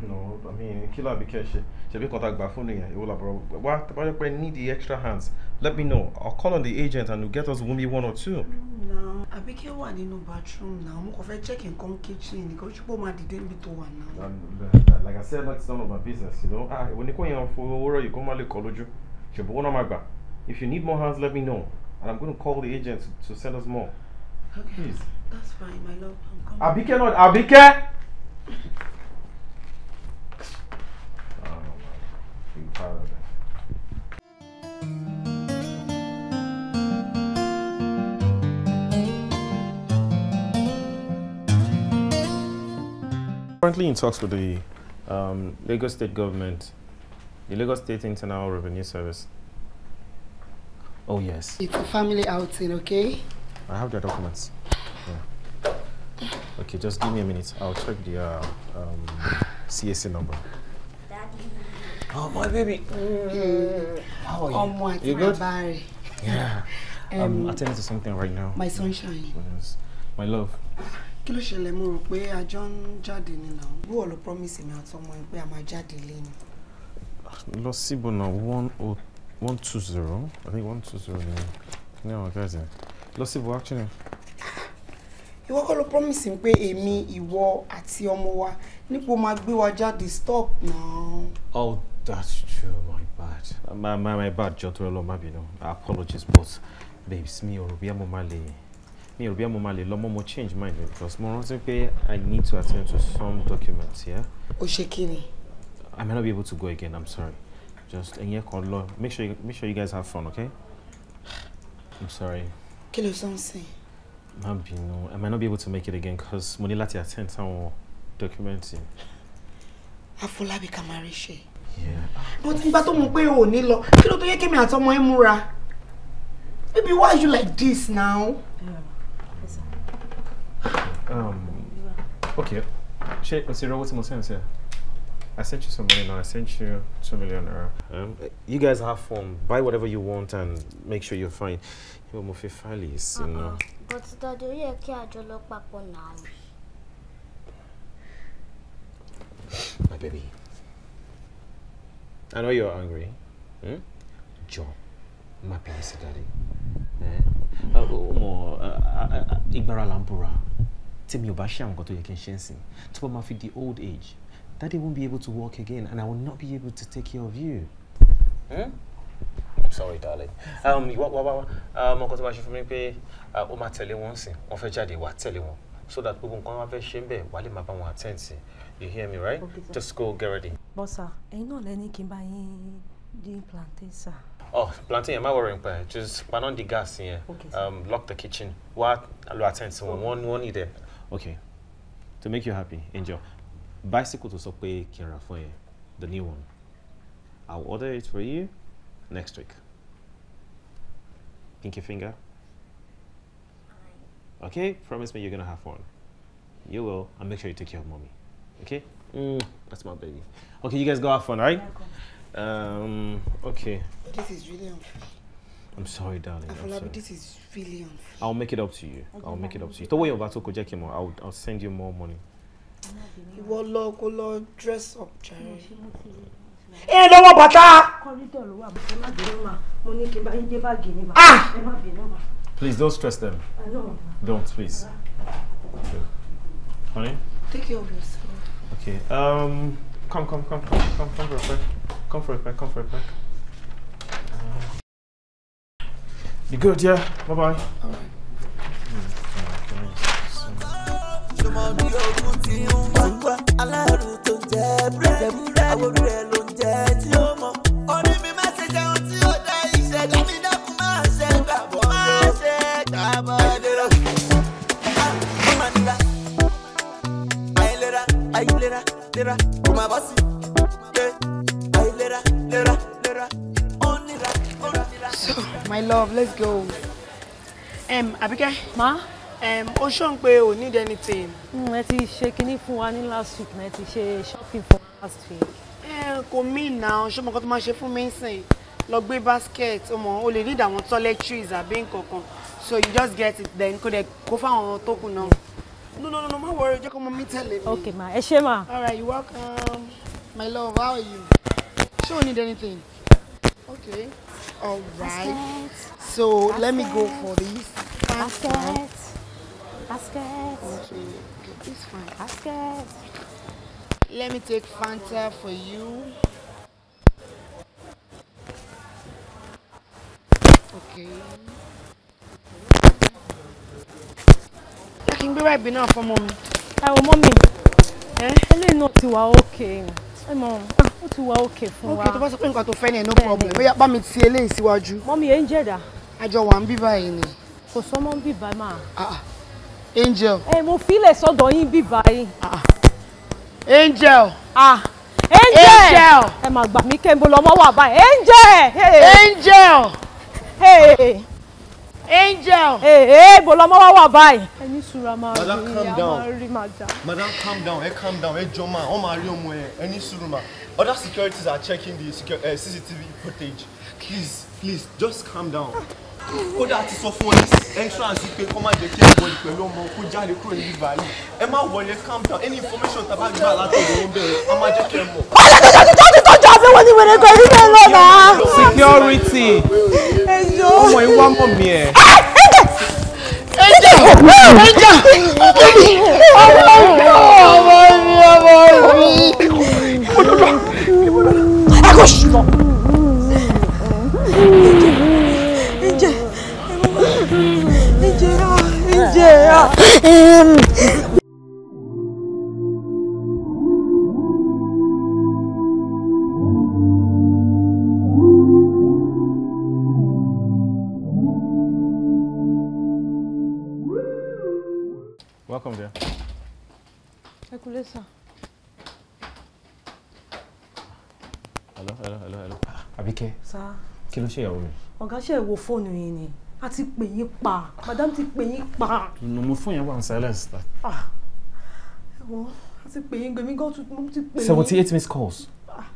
no i mean kí ló àbíkẹ́ ṣe ṣebí kan tá a gbà fún nìyẹn yóò lọ bọ̀rọ̀ wá tàbájọ́ pé need the extra hands let me know i'll call on the agent and he'll get us wumi one or two. Hmm, no àbí kí ó wà nínú bathroom náà mo kàn fẹ́ check nǹkan kitchen nìkan ó máa dìde níbi tó wà náà. like i said that's none of my business you know ah ìwọ ni kò yàn fowó rọ yìí kó má lè kọ lójú ṣùgbọ́n wọn náà máa gbà if you need more hands let me know and i'm gonna call the agent to, send us more. okay Please. that's fine my love i'm coming. Àbíkẹ́ náà Àbíkẹ́. currently in talks with the um, Lagos State government, the Lagos State Internal Revenue Service. Oh, yes. It's a family outing, okay? I have their documents. Yeah. Okay, just give me a minute. I'll check the uh, um, CAC number. Daddy. Oh, my baby. Mm. How are you? Um, what, you good? Barry. Yeah. Um, I'm attending to something right now. My sunshine. My love. kí ló ṣẹlẹ̀ mo rò pé a jọ ń jáde nínú àwọn. bí promise mi àtọmọ ẹ pé a máa jáde lẹ́nu. lọ síbò náà one oh one two zero i think one two zero ni ní àwọn guys yẹn lọ síbò actually. ìwọ kọ́ ló promise mi pé èmi ìwọ àti ọmọ wa nípò máa gbé wa jáde stop now. oh that's true my bad my my my bad jọtọ ẹ lọ má bínú apologies but babes mi ò rò bí ẹ mọ máa lè mi ò bí àmọ́ máa lè lọ mọ́ mo change mind mi because mo rántí pé i need to attend to some documents yeah. o ṣe kí ni. i may not be able to go again i'm sorry just ẹ̀yin ẹ̀kọ́ lọ make sure you, make sure you guys have fun okay i'm sorry. kí ló sọ ń sìn. má bínú i may not be able to make it again because mo ní láti attend sáwọn documents yẹn. Afọlábí Kamari ṣe. mo ti ń gbá tó mú pé o ò ní lọ kí ló tó yẹ kémi àtọmọ ẹ múra baby why are you like this now. Yeah. Um, okay. She, Osiro, what's my sense here? I sent you some money now. I sent you two million naira. Um, you guys have fun. Buy whatever you want and make sure you're fine. You're Mofi Falis, you uh-uh. know. But Daddy, you can't look back on now. My baby. I know you're angry. Hmm? John, my baby, Daddy. ọmọ ìgbára là ń bora tí mi ò bá ṣe àwọn nǹkan tó yẹ kí n ṣe ń sìn tó bá máa fi di old age daddy won't be able to walk again and I will not be able to take care of you. Hmm? I'm sorry darling. Um, wá wá wá um, ọmọ kan tó máa ṣe fún mi pé ó máa tẹ̀lé wọn sìn wọ́n fẹ́ jáde wá tẹ̀lé wọn so that gbogbo nǹkan wọn fẹ́ ṣe ń bẹ̀ wà lè máa bá wọn attend sí you hear me right okay, just go get ready. bọ́sà ẹ̀yin náà lẹ́ni kí n bá yín dín plantain sir. Oh, plantain, am I worrying? Just pan on the gas here. Okay. Um, lock the kitchen. What? I'll attend someone. One, one there. Okay. To make you happy, Angel, bicycle to Sokwe Kira for you, the new one. I'll order it for you next week. Pinky finger. Okay, promise me you're gonna have fun. You will, and make sure you take care of mommy. Okay? Mm, that's my baby. Okay, you guys go have fun, right? Um, okay. This is really unfair. I'm sorry, darling. I'm sorry. this is really unfair. I'll make it up to you. Okay, I'll make it up to you. Tó wọ́n yóò bá tó kó jẹ́ kí i I'll I'll send you more money. Ìwọ lọ kó lọ dress up child. Eh, no more butter. Ah! Please don't stress them. Don't please. Okay. Honey? Take care of yourself. Okay. Um, come, come, come, come, come, come, real quick. Come for it back, come for it back. You uh-huh. be good, yeah. Bye bye. My love, let's go. Um, Abike. Ma? Um, o ṣọ́n pé o need anything. Hmm, ẹ ti ṣe kinní fún wa ní last week náà, ẹ ti ṣe shopping for last week. Ẹ kò mí náà, ṣé mo kọ́ tó máa ṣe fún mi sìn? Lọ gbé basket, o mọ̀, o lè need àwọn toiletries àbí nǹkan So you just get it then, kó dẹ̀ kó fáwọn tó kù náà. No, no, no, no, má worry, jẹ́ kó mọ mi tẹ̀lé mi. Okay ma, ẹ ṣé ma. All right, you welcome. My love, how are you? Ṣé o need anything? Okay. All right. So basket. let me go for this. Basket. Basket. basket. Okay. It's fine. Basket. Let me take Fanta for you. Okay. I can be right now for mommy. Oh, mommy. Eh? eléyìí náà ti wà okay? ẹ mọ ó ti wá òkè fún wa. òkè tó bá sọ pé nǹkan tó fẹ́ ni ẹ̀ no problem bóyá bá mi ti eléyìí síwájú. angel. ẹ̀ ń jẹ̀dá. àjọ wà ń bí báyìí ni. kò sọmọ ń Angel. báyìí máa. Ah, ah. angel. ẹ mo filẹ̀ sọ́dọ̀ yín bí báyìí. Ah, angel. ah angel. Angel. máa gbà mí kẹ́ńbó lọ́mọ wà báyìí angel. angel angel. Hey, hey, lọmọ wá wà báyìí. ẹni sùúrà máa rí ìyá máa rí madam calm down Hey, calm down Hey, jọ máa wọn máa rí ọmọ ẹ other securities are checking the secure, uh, CCTV footage please please just calm down. kódà ti sọ fún ọ entrance pé kó má jẹ́ kí ẹ wọlé pẹ̀lú ọmọ kó jáde kúrò ní ibà yìí ẹ má calm down any information about the látọ̀dọ̀ wọn bẹ̀rẹ̀ a má jẹ́ kí ṣe ti tọ́jú tọ́jú àfihàn ní wèrè kan ìrìnà lọ náà. security ọmọ ìwà mọ̀ mi ẹ̀. ẹja ẹja ọmọ mi ọmọ mi ọmọ mi. ẹ kò ṣì lọ. ǹjẹ́ ǹjẹ́ ǹjẹ́ ǹjẹ́. ṣe ìyàwó mi. ọ̀gá ṣe ìwo fóònù yìí ni a ti pè yín pa madam ti pè yín pa. ìnùmọ̀ fún yẹn wà ní silence. ah ẹ̀wọ̀n a ti pè yín gbèmí gan mo ti pè yín. seventy eight missed calls. Ah,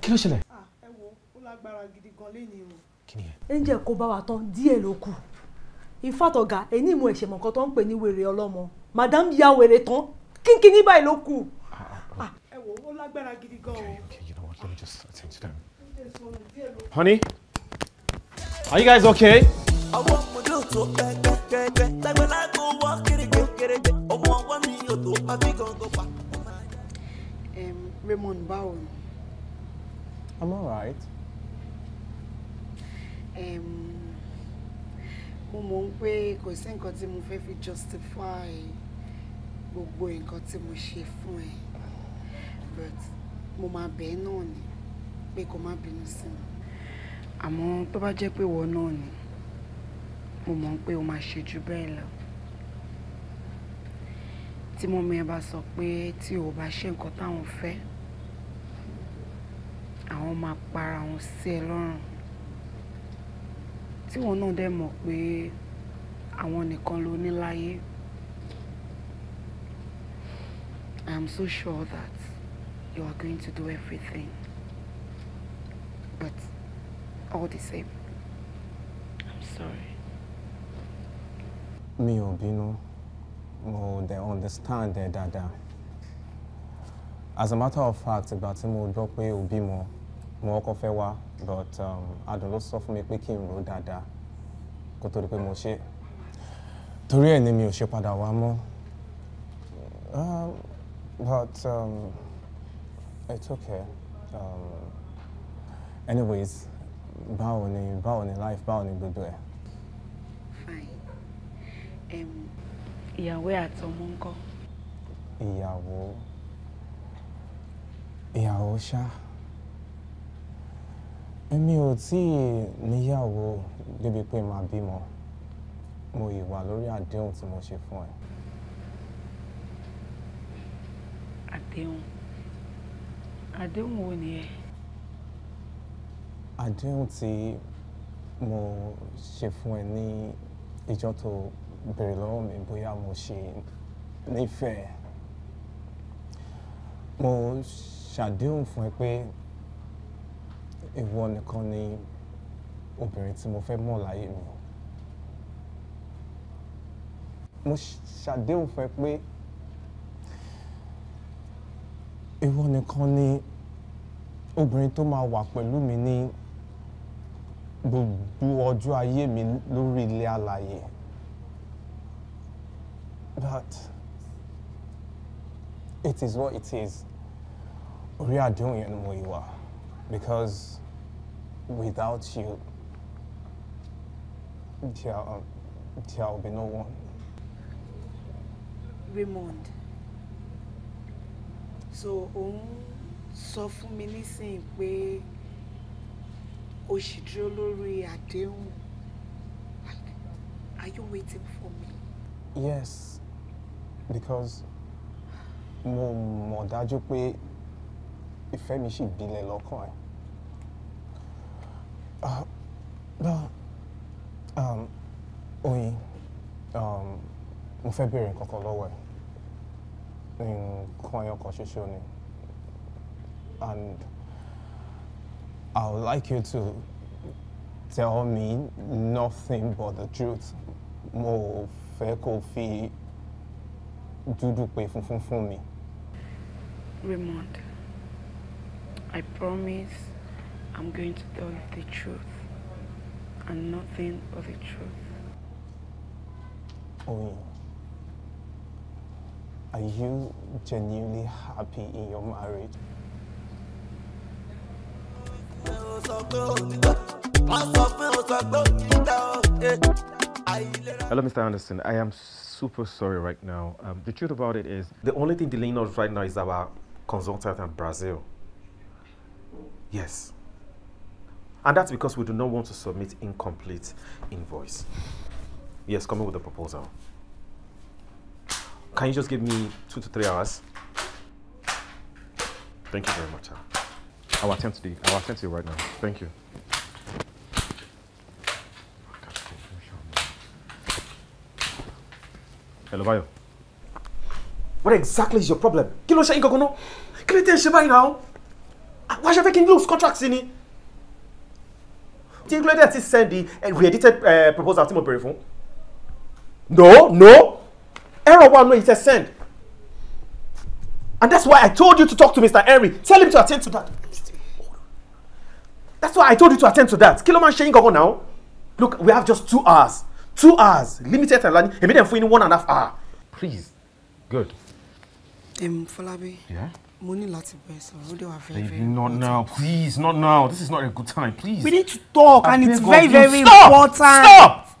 kí ló ṣẹlẹ̀. Ah, ẹ̀wọ̀n ó lágbára gidi gan lẹ́yìn o. kí ni ẹ. ẹ̀ńjẹ̀ kó bá wa tán díẹ̀ ló kù ìfàtọ̀gà ẹni ìmọ̀ ẹ̀ṣẹ̀ mọ̀kan tó ń pè ní wèrè ọlọ́mọ madam ya wèrè tán kínkín ní báyìí ló kù. Ah, ẹ wo ó lágbára gidi gan o. okay okay you honey. Are you guys okay? Um, Raymond Bowen. I'm alright. Um, mo mọ̀ ń pé kò sí nǹkan justify gbogbo nǹkan tí mo but mo máa bẹ̀ẹ́ náà ni pé kó má àmọ́ tó bá jẹ́ pé ìwọ náà ni mo mọ̀ pé o máa ṣe jù bẹ́ẹ̀ lọ tí mọ́mí ẹ bá sọ pé tí o bá ṣe nǹkan táwọn fẹ́ àwọn máa para wọn sí ẹ lọ́rùn tí wọn náà dẹ̀ mọ̀ pé àwọn nìkan ló ní láyé I am so sure that you are going to do everything but all the same. I'm sorry. Me, ò bínú, mo dey understand their dáadáa. As a matter of fact, about tí mo gbọ́ pé o bímọ, mo kọ́kọ́ fẹ́ but um, Adùn ló sọ fún mi pé kí n rò dáadáa kó tó di pé mo ṣe. Torí ẹ̀ ni mi ò ṣe padà wá um, But um, it's okay. Um, anyways báwo ni báwo ni life báwo ni gbogbo ẹ. fine ìyàwó àtọmọ ńkọ́. ìyàwó ìyàwó ṣá èmi ò tí ì níyàwó débi pé màá bímọ mo yìí wà lórí àdéhùn tí mo ṣe fún ẹ. àdéhùn àdéhùn wo ni ẹ àdéhùn tí mo ṣe fún ẹ ní ìjọ́ tó béèrè lọ́wọ́ mi bóyá mo ṣe nífẹ̀ẹ́ mo ṣàdéhùn fún ẹ pé ìwọ nìkan ni obìnrin tí mo fẹ́ mọ̀ láyé mi mo ṣàdéhùn fún ẹ pé ìwọ nìkan ni obìnrin tó máa wà pẹ̀lú mi ní. Ni gbogbo ọjọ́ ayé mi lórí ilé alàyè but it is what it is orí àdéhùn yẹn ni mo yìí wà because without you there there will be no one. Raymond so òun sọ fún mi nísìnyí pé o sì dúró lórí àdéhùn are you waiting for me. yes because mo mọ̀ dájú pé ìfẹ́ mi sì gbilẹ̀ lọ́kàn ẹ̀. Ah, um, Oyin, um, mo fẹ́ béèrè nǹkan kan lọ́wọ́ ẹ̀. Nǹkan ẹyọ kan ṣoṣo ni. And I would like you to tell me nothing but the truth. Mo fẹ́ kó fi dúdú pé funfun fún mi. Raymond, I promise I'm going to tell you the truth and nothing but the truth. Oyin, are you genuinely happy in your marriage? Hello, Mr. Anderson. I am super sorry right now. Um, the truth about it is, the only thing delaying us right now is our consultant in Brazil. Yes. And that's because we do not want to submit incomplete invoice. Yes, come in with a proposal. Can you just give me two to three hours? Thank you very much. I'll attend to the, I'll attend to it right now. Thank you. Hello, Bayo. What exactly is your problem? Kí ló ṣe yín gangan náà? Kí ló tẹ́ ṣe báyìí náà? Wá ṣe fẹ́ kí n lose contract sí ni? Tí Kílódé send the eh, re-edited eh, proposal tí mo bèrè fún? No, no. Error wa no he said send. And that's why I told you to talk to Mr. Henry. Tell him to attend to that that's why i told you to attend to that kí ló máa now look we have just two hours two hours limited time lani èmi dẹ̀ fún yín one and a half hour. please good. Um, Falabi. Yeah? Money lots of best. sọ̀rọ̀, ó dé wà very very important. Not now, please, not now. This is not a good time, please. We need to talk I and it's very very very stop, important. Stop!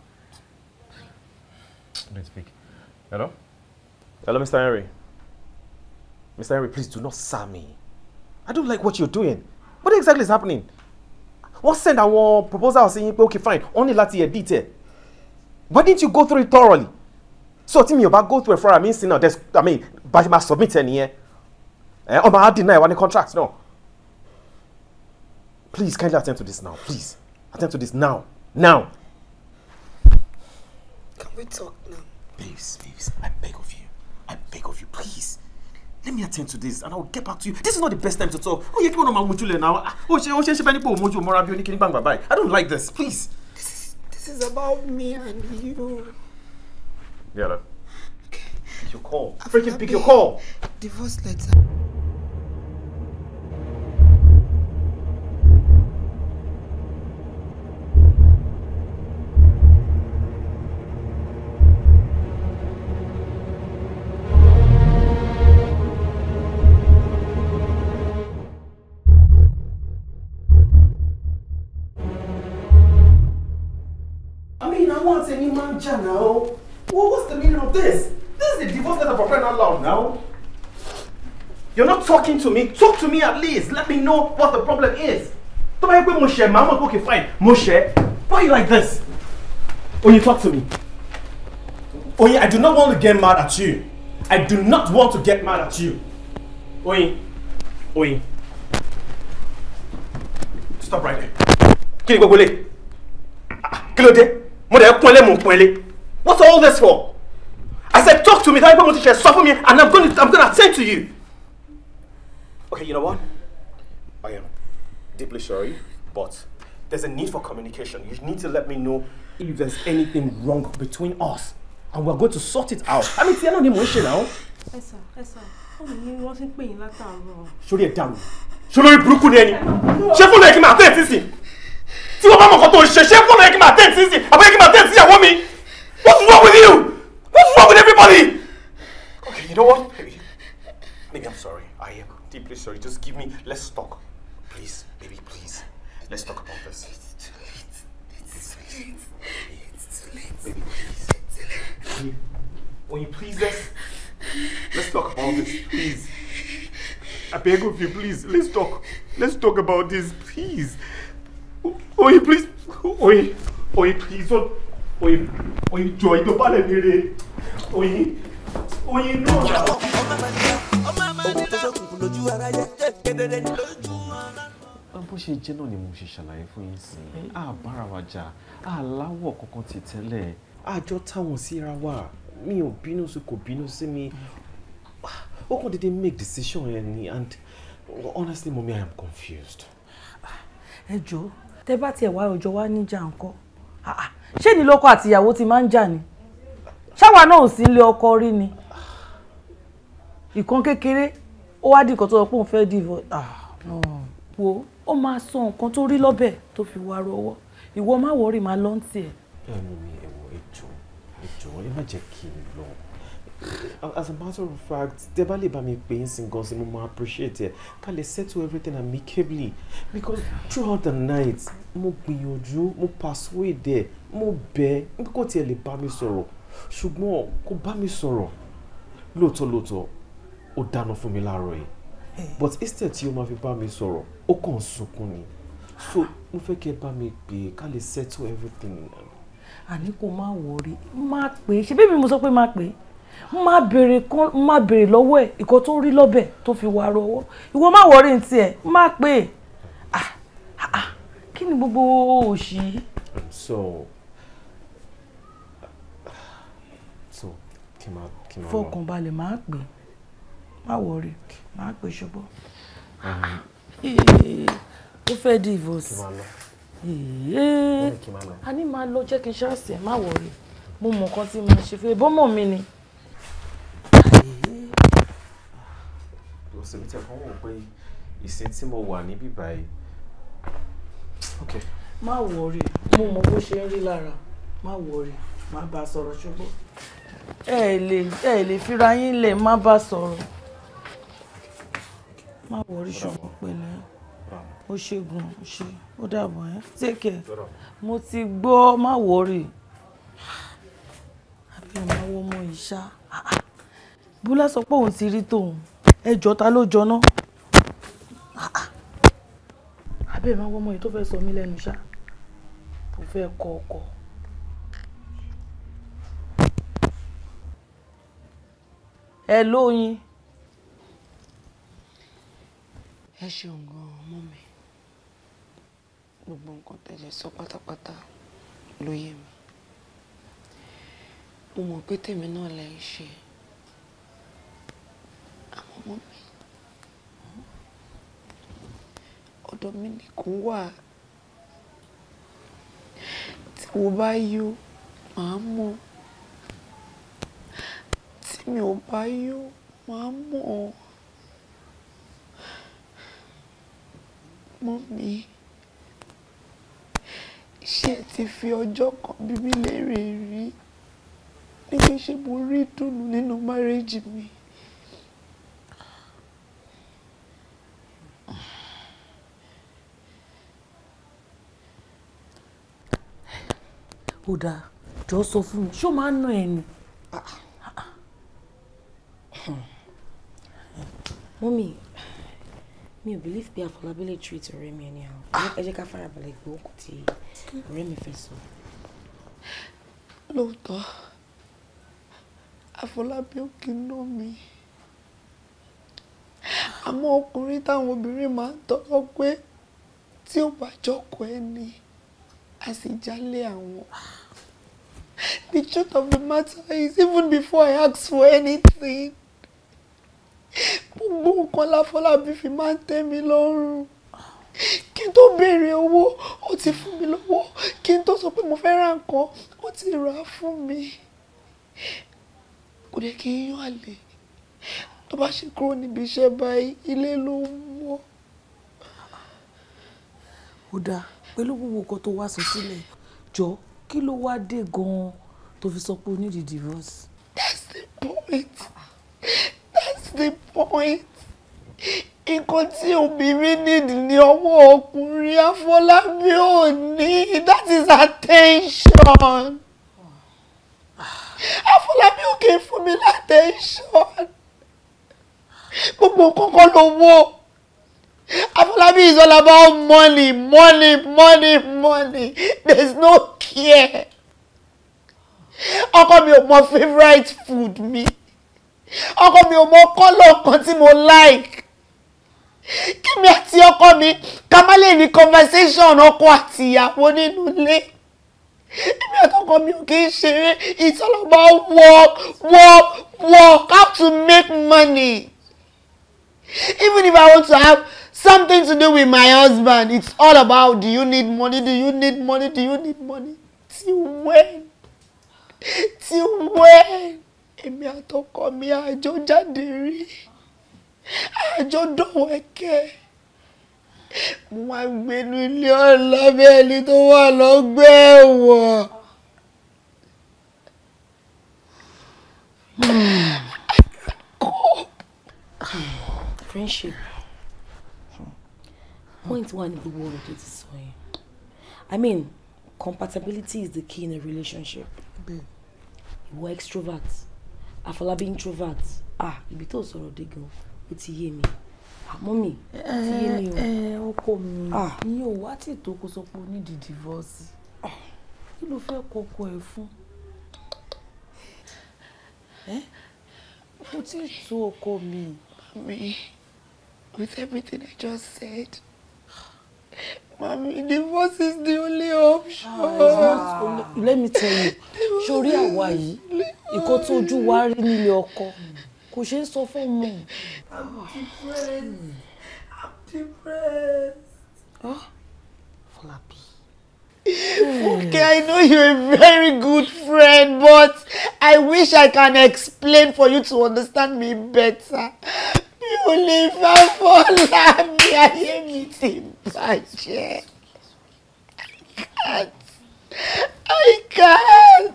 Don't speak. Hello? Hello, Mr. Henry. Mr. Henry, please do not sir me. I don't like what you're doing. What exactly is happening? wọ́n send àwọn proposal sí yín pé okay fine wọ́n ní láti edit ẹ̀ why didn't you go through it thoroughly so tí mi ò bá go through ẹ̀ fúnra mi sí náà there's i mean bá ṣe máa submit ẹ̀ nìyẹn ẹ̀ eh, ọmọ á deny wa ní contract náà please kindly attend to this now please attend to this now now. can we talk now. babes babes i beg of you i beg of you please let me attend to this and i will get back to you this is not the best time to talk Oh, yẹ kí wọn my mojule now. Oh, náà ó ṣe ó ṣe ṣe bẹ́ẹ̀ nípa òmojú òmọ́ra bí oníkíní gbàǹgbà bye. i don't like this please. this is this is about me and you. yeah, okay. pick your call freaking pick your call. divorce letter. Abijah now. Well, what's the meaning of this? This is a divorce letter for crying out loud now. You're not talking to me. Talk to me at least. Let me know what the problem is. Don't I wait, Moshe? Mama, okay, fine. Moshe, why are you like this? When you talk to me. Oyin, I do not want to get mad at you. I do not want to get mad at you. Oyin, Oyin. Stop right there. Kill ni gbogbo ah, dé? mo dẹ̀ pọ́nlé mo pọ́nlé what's all this for I said talk to me tàbí pé mo ti ṣe sọ fún mi and I'm gonna I'm gonna attend to you okay you know what I am deeply sorry but there's a need for communication you need to let me know if there's anything wrong between us and we're going to sort it out I mean tí ẹ náà ni mò ń ṣe náà. ẹ sà ẹ sà fóònù yín wọ́n ti ń pè yín látàárọ̀. sórí ẹ̀ dànù sórí burúkú ni ẹni ṣé fóònù ẹ̀ kí n máa tẹ̀ sísìn. tí wọ́n bá mọ̀ kọ́ tó ṣe ṣé fóònù yẹ kí n máa tẹ̀ sí sí àbúyẹ kí n máa tẹ̀ sí ìyàwó mi what's wrong with you what's wrong with everybody. okay you know what baby baby i'm sorry i am deeply sorry just give me let's talk please baby please let's talk about this. it's too late it's too late it's too late baby please will you, will you please let's let's talk about this please. I beg of you, please, let's talk. Let's talk about this, please. Oyin, please. Oyin, Oyin, please don't. Oyin, Oyin, jọ ìdọ́balẹ̀ mi re. Oyin, Oyin, no. bó ṣe jẹ́ náà ni mo ṣe ṣàlàyé fún yín sí i a bára wa jà a láwọ̀ kankan ti tẹ́lẹ̀ àjọ táwọn síra wà mi ò bínú sí kò bínú sí mi ó kàn déédéé make decision yẹn ni and honestly mummy i am confused. ẹ jọ̀ọ́ tẹ́ bá tiẹ̀ wá ọjọ́ wá níjà ńkọ́ ah, ah. ṣé ní lọ́kọ àtìyàwó ti máa ń jà ni ṣáwa náà ò sí ilé ọkọ rí ni ìkan kékeré ó wá di nǹkan tó sọ pé òun fẹ́ divorce ah, wo ó máa sọ nǹkan tó rí lọ́bẹ̀ tó fi wá rọwọ́ ìwọ má wọrí máa lọ́ǹtì ẹ̀. ẹ mú mi ẹ̀wọ̀ ẹ̀jọ̀ ẹ má jẹ́ kí n lọ as a matter of fact tẹ bá lè bá mi pè é sìn gan sí mo máa appreciate ẹ ká settle everything amicably because throughout the night mo gbìyànjú mo persuade there, mo bẹ̀ ẹ kó tiẹ̀ lè bá mi sọ̀rọ̀ ṣùgbọ́n kò bá mi sọ̀rọ̀ lóòótọ́ lóòótọ́ ó dáná fún mi láàárọ̀ yìí but instead tí o máa fi bá mi sọ̀rọ̀ ó kàn sunkún ni so mo fẹ́ kí ẹ bá mi pè é ká settle everything. àní kò má wọrí má pè é ṣe bí mi mo sọ pé má pè é má béèrè kan má béèrè lọ́wọ́ ẹ̀ ìkan tó rí lọ́bẹ̀ tó fi wà rọwọ́ ìwọ má wọrí ní tiẹ̀ má pè é ah, ah ah kí ni gbogbo òṣì so so kí máa kí máa wọ. fọkànbalẹ̀ máa pè má wọrí máa pè ṣùgbọ́n eh, ó fẹ́ divorce a ní máa lọ jẹ́ kí n ṣáàṣì ẹ̀ má wọrí mo mọ̀ kan tí mo ṣe fẹ́ bọ́mọ̀ mi ni. ọ̀sẹ̀ mi tẹ̀ kàn wọ̀ pé ìsìn tí mo wà níbí báyìí okay. má wọrí mo mọ bó ṣe ń rí lára má wọrí má bá a sọ̀rọ̀ ṣùgbọ́n. ẹ ẹ lè ẹ ẹ lè fira yín lẹ̀ má bá a sọ̀rọ̀ má wọrí ṣùgbọ́n pẹ̀lẹ́ ó ṣègùn ó ṣe ó dàbọ̀ ẹ́ take care mo ti gbọ́ má wọrí àbí ọmọ owó mọ ìṣá ah, ah. bùlá sọ pé òun ti rí tòun ẹ jọ ta ló jọ ná abẹ́ máa wọ́n ọmọ yìí tó fẹ́ sọ mí lẹ́nu ṣá kò fẹ́ kọ ọkọ. ẹ lóyin. ẹ ṣeun gan-an mọ́ mi gbogbo nǹkan tẹ́lẹ̀ sọ pátápátá ló yé mi mo mọ̀ pé tèmi náà lè ṣe ọmọ mi ọ̀dọ̀ mi nìkan wà tí mo bá yó màá mọ̀ tí mi ò bá yó màá mọ̀ mọ́ mi ṣé ẹ ti fi ọjọ́ kan bí mi lérè rí nígbà ṣe mo rí ìdùnnú nínú márẹ́jì mi. kódà jọ sọ fún mi ṣó máa ń nà ẹ́ mọ́mí mi ò believe pé àfọlábí lè treat ọ̀rẹ́ mi ẹni àwọn ẹ jẹ́ ká farabalẹ̀ gbọ́ kò tí ọ̀rẹ́ mi fẹ́ sọ. lóòótọ́ àfọlábí ò kì í ná mi àmọ́ ọkùnrin táwọn obìnrin máa ń tọ́lọ́ pé tí ó bá jọ́kọ̀ ẹni. As a sì jálé The truth of the matter is even before I ask for anything gbogbo nǹkan láfọlábí fi máa ń tẹ́ mi lọ́rùn kí n tó béèrè owó ó ti fún mi lọ́wọ́ kí n tó sọ pé mo fẹ́ ra nǹkan ó ti rà á fún mi kò dé kí n yán àlè tó bá ṣe kúrò níbi iṣẹ́ báyìí ilé ló ń wọ́. ó dáa pẹ̀lú gbogbo nǹkan tó wá sọ sílẹ̀ jọ kí ló wá dé gan-an tó fi sọ pé o need a divorce. that's the point that's the point nǹkan tí obìnrin need ní ọwọ́ ọkùnrin Afọlábí ò ní that is attention Afọlábí ò kè fún mi látẹ̀ńṣọ́n gbogbo kọ́kọ́ lówó. Afolabi is all about money, money, money, money. There's no care. Ọkọ mi ò mọ favorite food mi. Ọkọ mi ò mọ kọ́lọ̀ kan tí mo like. Kí mi àti ọkọ mi ká má lè ní conversation ọkọ àti ìyàwó nínú ilé. Èmi àtọkọ mi ò kí ń ṣeré. It's all about work, work, work. How to make money. Even if I want to have something to do with my husband. It's all about do you need money? Do you need money? Do you need money? Till when? Till when? Èmi àtọkọ mi àjọ jáde rí. Àjọ dọ̀wọ́ ẹ̀kẹ́. Mo máa ń gbénu ilé ọ̀la bí ẹni tó wà lọ́gbẹ́ ẹ̀wọ̀n. Friendship point one in the world tó ti sọ i mean compatibility is the key in a relationship ìwọ extrovert àfọlábí introvert ah ibi tó sọ̀rọ̀ dé gan ó ti yé mi àmọ́ ah, mi ti yé eh, mi o. Eh, eh, ọkọ mi ah. ni o wá tí ètò kó sọ pé o ní di divorce ah. kí ló fẹ́ kọkọ ẹ fún mo ti tó ọkọ mi. Mommy, with everything I just said, Mommy, divorce is the only option. Ah, only. Let me tell you, sórí àwa yìí, ìkọ́ tó ojú wa rí nílé ọkọ, kò ṣeé sọ fún ọmọ. I'm depressed. I'm depressed. Huh? Flappy. Okay, I know you're a very good friend, but I wish I can explain for you to understand me better. You live for love, fọ́lá mi ayé mi ti I can't I can't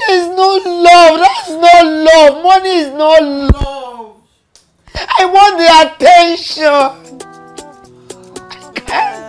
there's no love that's no love money is no love I want the attention I can't.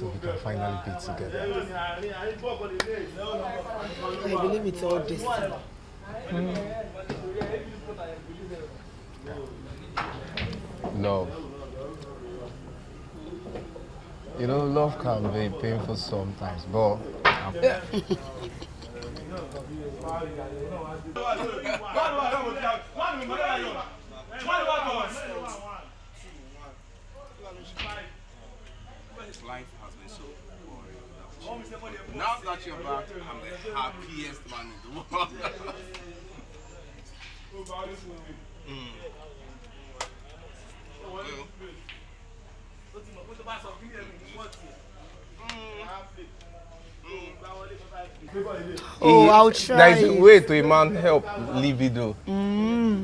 so we can finally be together. I believe it's all this. Mm. Love. You know, love can be painful sometimes, but. life now that you're back, I'm the happiest man in the world. mm. Oh, I'll try. There is a way to a man help Leave libido. Mm.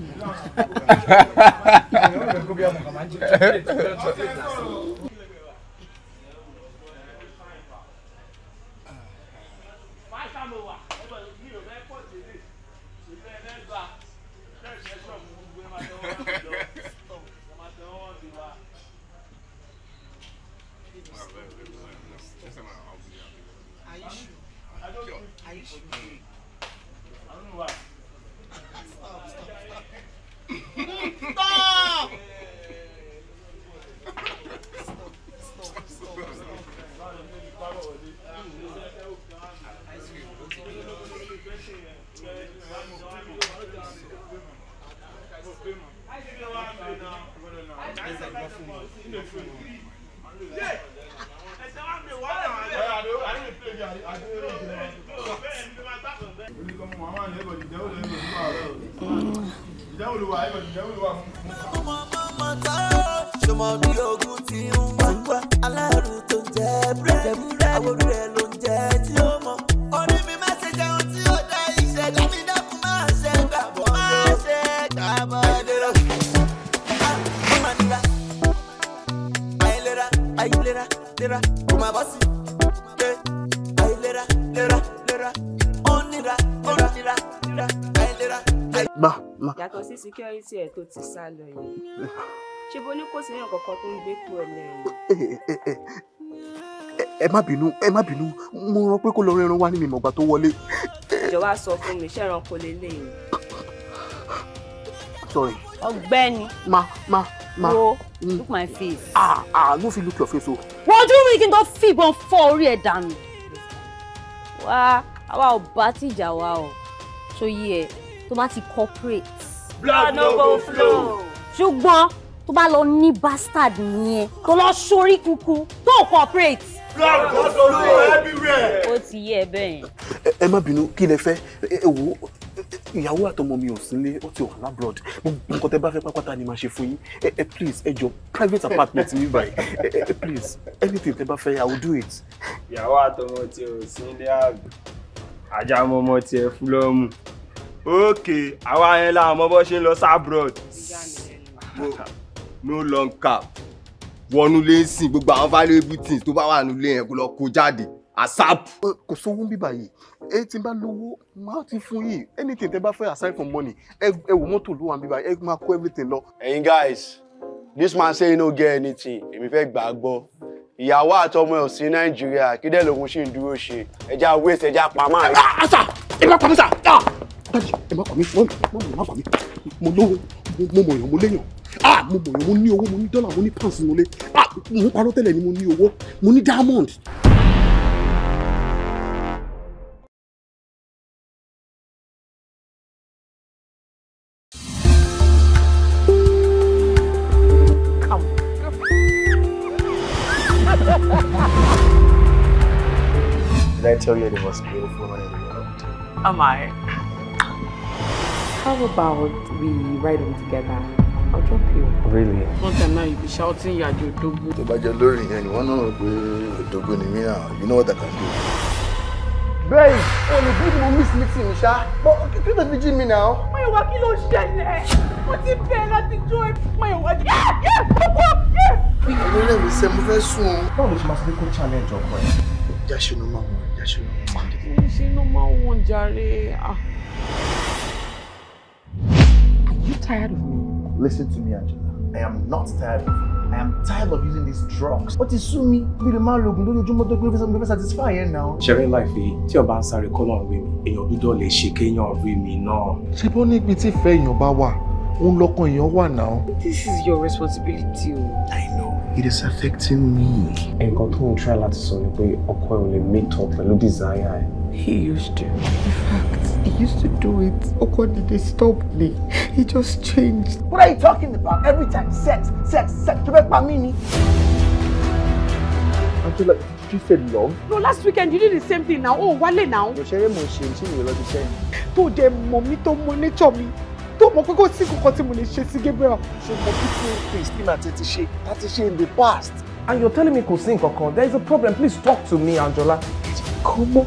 ṣe bo ní kò sí èèyàn kankan tó ń gbé kú ẹ̀ lẹ́yìn. ẹ má bínú ẹ má bínú mo rò pé kó lọ rẹran wá ní mi mọ̀gbà tó wọlé. ìjọba sọ fún mi ṣẹ́ran kò lè yìí. sorry. ọ̀gbẹ́ni. ma ma ma wo mm. look my face. ah ah no fit look your face o. wọ́n ojú mi kí n tó fìbọn fọ́ orí ẹ̀ dànù. wá àwa ò bá tìjà wa o ṣó yí ẹ tó bá ti corporate. blood no go flow. ṣùgbọ́n tó bá lọ ní bastard nìyẹn tó lọ sórí kúkú tó cooperate. lọ́rùn tó sọ̀rọ̀ everywhere. ó ti yé ẹ bẹ́ẹ̀. ẹ má bínú kí lẹ fẹ́ ẹ wò ó ìyàwó àtọmọ mi ò sílé ó ti wà lábroad nǹkan tẹ bá fẹ́ pápátá ni màá ṣe fún yín ẹ please ẹ jọ private apartment mi báyìí ẹ please anything tẹ bá fẹ́ i will do it. ìyàwó àtọmọ tí ò sílé àgbẹ̀ ajá mọmọ tiẹ̀ fúlọọmù ókè àwa yẹn làwọn ọmọ bó ṣe ń lọ sábrọd no long cap wọnú lé ń sìn gbogbo àwọn valuable things tó bá wà nílé yẹn kó lọ kó jáde asap. kò sówó ń bíbà yìí ẹ tí n bá lówó máa ti fún yìí anything tẹ bá fẹ́ aside from money ẹ wò mọ́tò ló wà ń bíbà ẹ máa kó everything lọ. ẹ̀yin guys this man say he no get anything èmi fẹ́ gbà á gbọ́ ìyàwó àtọmọ ẹ̀ ò sí nàìjíríà kí dẹ́ lòun ṣì ń dúró ṣe ẹja waste ẹja pamọ́ àyè. Ah, àṣà ah, ah, ẹ má pa mí sà dájú ẹ má pa mí mọ́mí ẹ má pa mí mo lówó mo mọ̀ èèyàn mo léèyàn ah mo mọ̀ yẹn mo ní owó mo ní dọ́là mo ní pounds nílé ah mo ń parọ́ tẹ́lẹ̀ ni mo ní owó mo ní diamond. Did I tell you the most beautiful woman in the world? Am I? How about we ride them together? I'll drop you. Really? One time now you'll be shouting you're your dogu. Tó bá jẹ́ lórí yẹn ni wọ́n náà rò pé dogu ni mí náà. You know what I can do. babe. Only mo miss meeting mi ṣá. But kí ló fi jí mi now. Máyọ̀wá kí ló ṣẹlẹ̀? Mo ti bẹ̀ láti jó ẹ. Máyọ̀wá jẹ́ yẹ́ Yeah, yeah, yeah. rẹ̀ mi sẹ́, mo fẹ́ sùn. Báwo ló ṣe máa ṣe kó challenge ọkọ ẹ̀? Jáṣinú máa wọ̀ Jáṣinú máa wọ̀. Mo ń ṣe inú máa wọ̀ Are you tired of me? Listen to me, Angela. I am not tired of you. I am tired of using these drugs. What is sú mi bí lè máa lògùn lójoojúmọ́ tó gbé fẹ́ satisfy yẹn náà. Ṣẹ̀rí láìfi Your ọba call on me. lọ́run rí mi, èèyàn dúdọ̀ lè ṣe kéèyàn rí mi náà. Ṣé bó níbi tí ìfẹ́ èèyàn bá wà, òun lọ́kàn èèyàn wà náà? This is your responsibility I know. It is affecting me. Nǹkan tó ń try láti sọ ni pé ọkọ ẹ̀ ò meet up pẹ̀lú desire He used to. In fact, he used to do it. Oh did they stop me. He just changed. What are you talking about? Every time, sex, sex, sex. To make my mini. Angela, did you say love? No, last weekend you did the same thing now. Oh, Wale now. You're sharing my shame. She will love the same. To them, mommy, to monitor me. tó mọ̀ pé kò sí kankan tí mo lè ṣe sí Gabriel. ṣe mo bí tí Christine àti ti ṣe láti ṣe in the past. and you're telling me kò sí there is a problem please talk to me Angela. Come mọ́.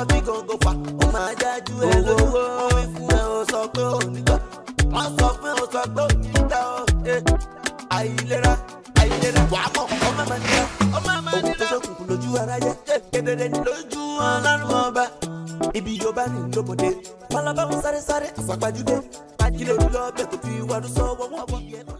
ọtí gògó fà ó máa jájú ẹ lówó ọwọ́ ìfún ẹ ò sọ pé ò ní gbà wọ́n sọ pé ò sọ pé ò ní gbà ó ẹ àìlera àìlera wàá mọ̀ ọmọ àmà nílá ọmọ àmà nílá òkú tó ṣokùnkùn lójú ara jẹ kedere ní lójú ọlọ́run ọba ibi yorùbá ní lóbodè pálábá wọn sáré sáré àfàpájúdé ajílẹ̀ olùlọ́ọ̀bẹ̀ kò fi wàdú sọ wọ́wọ́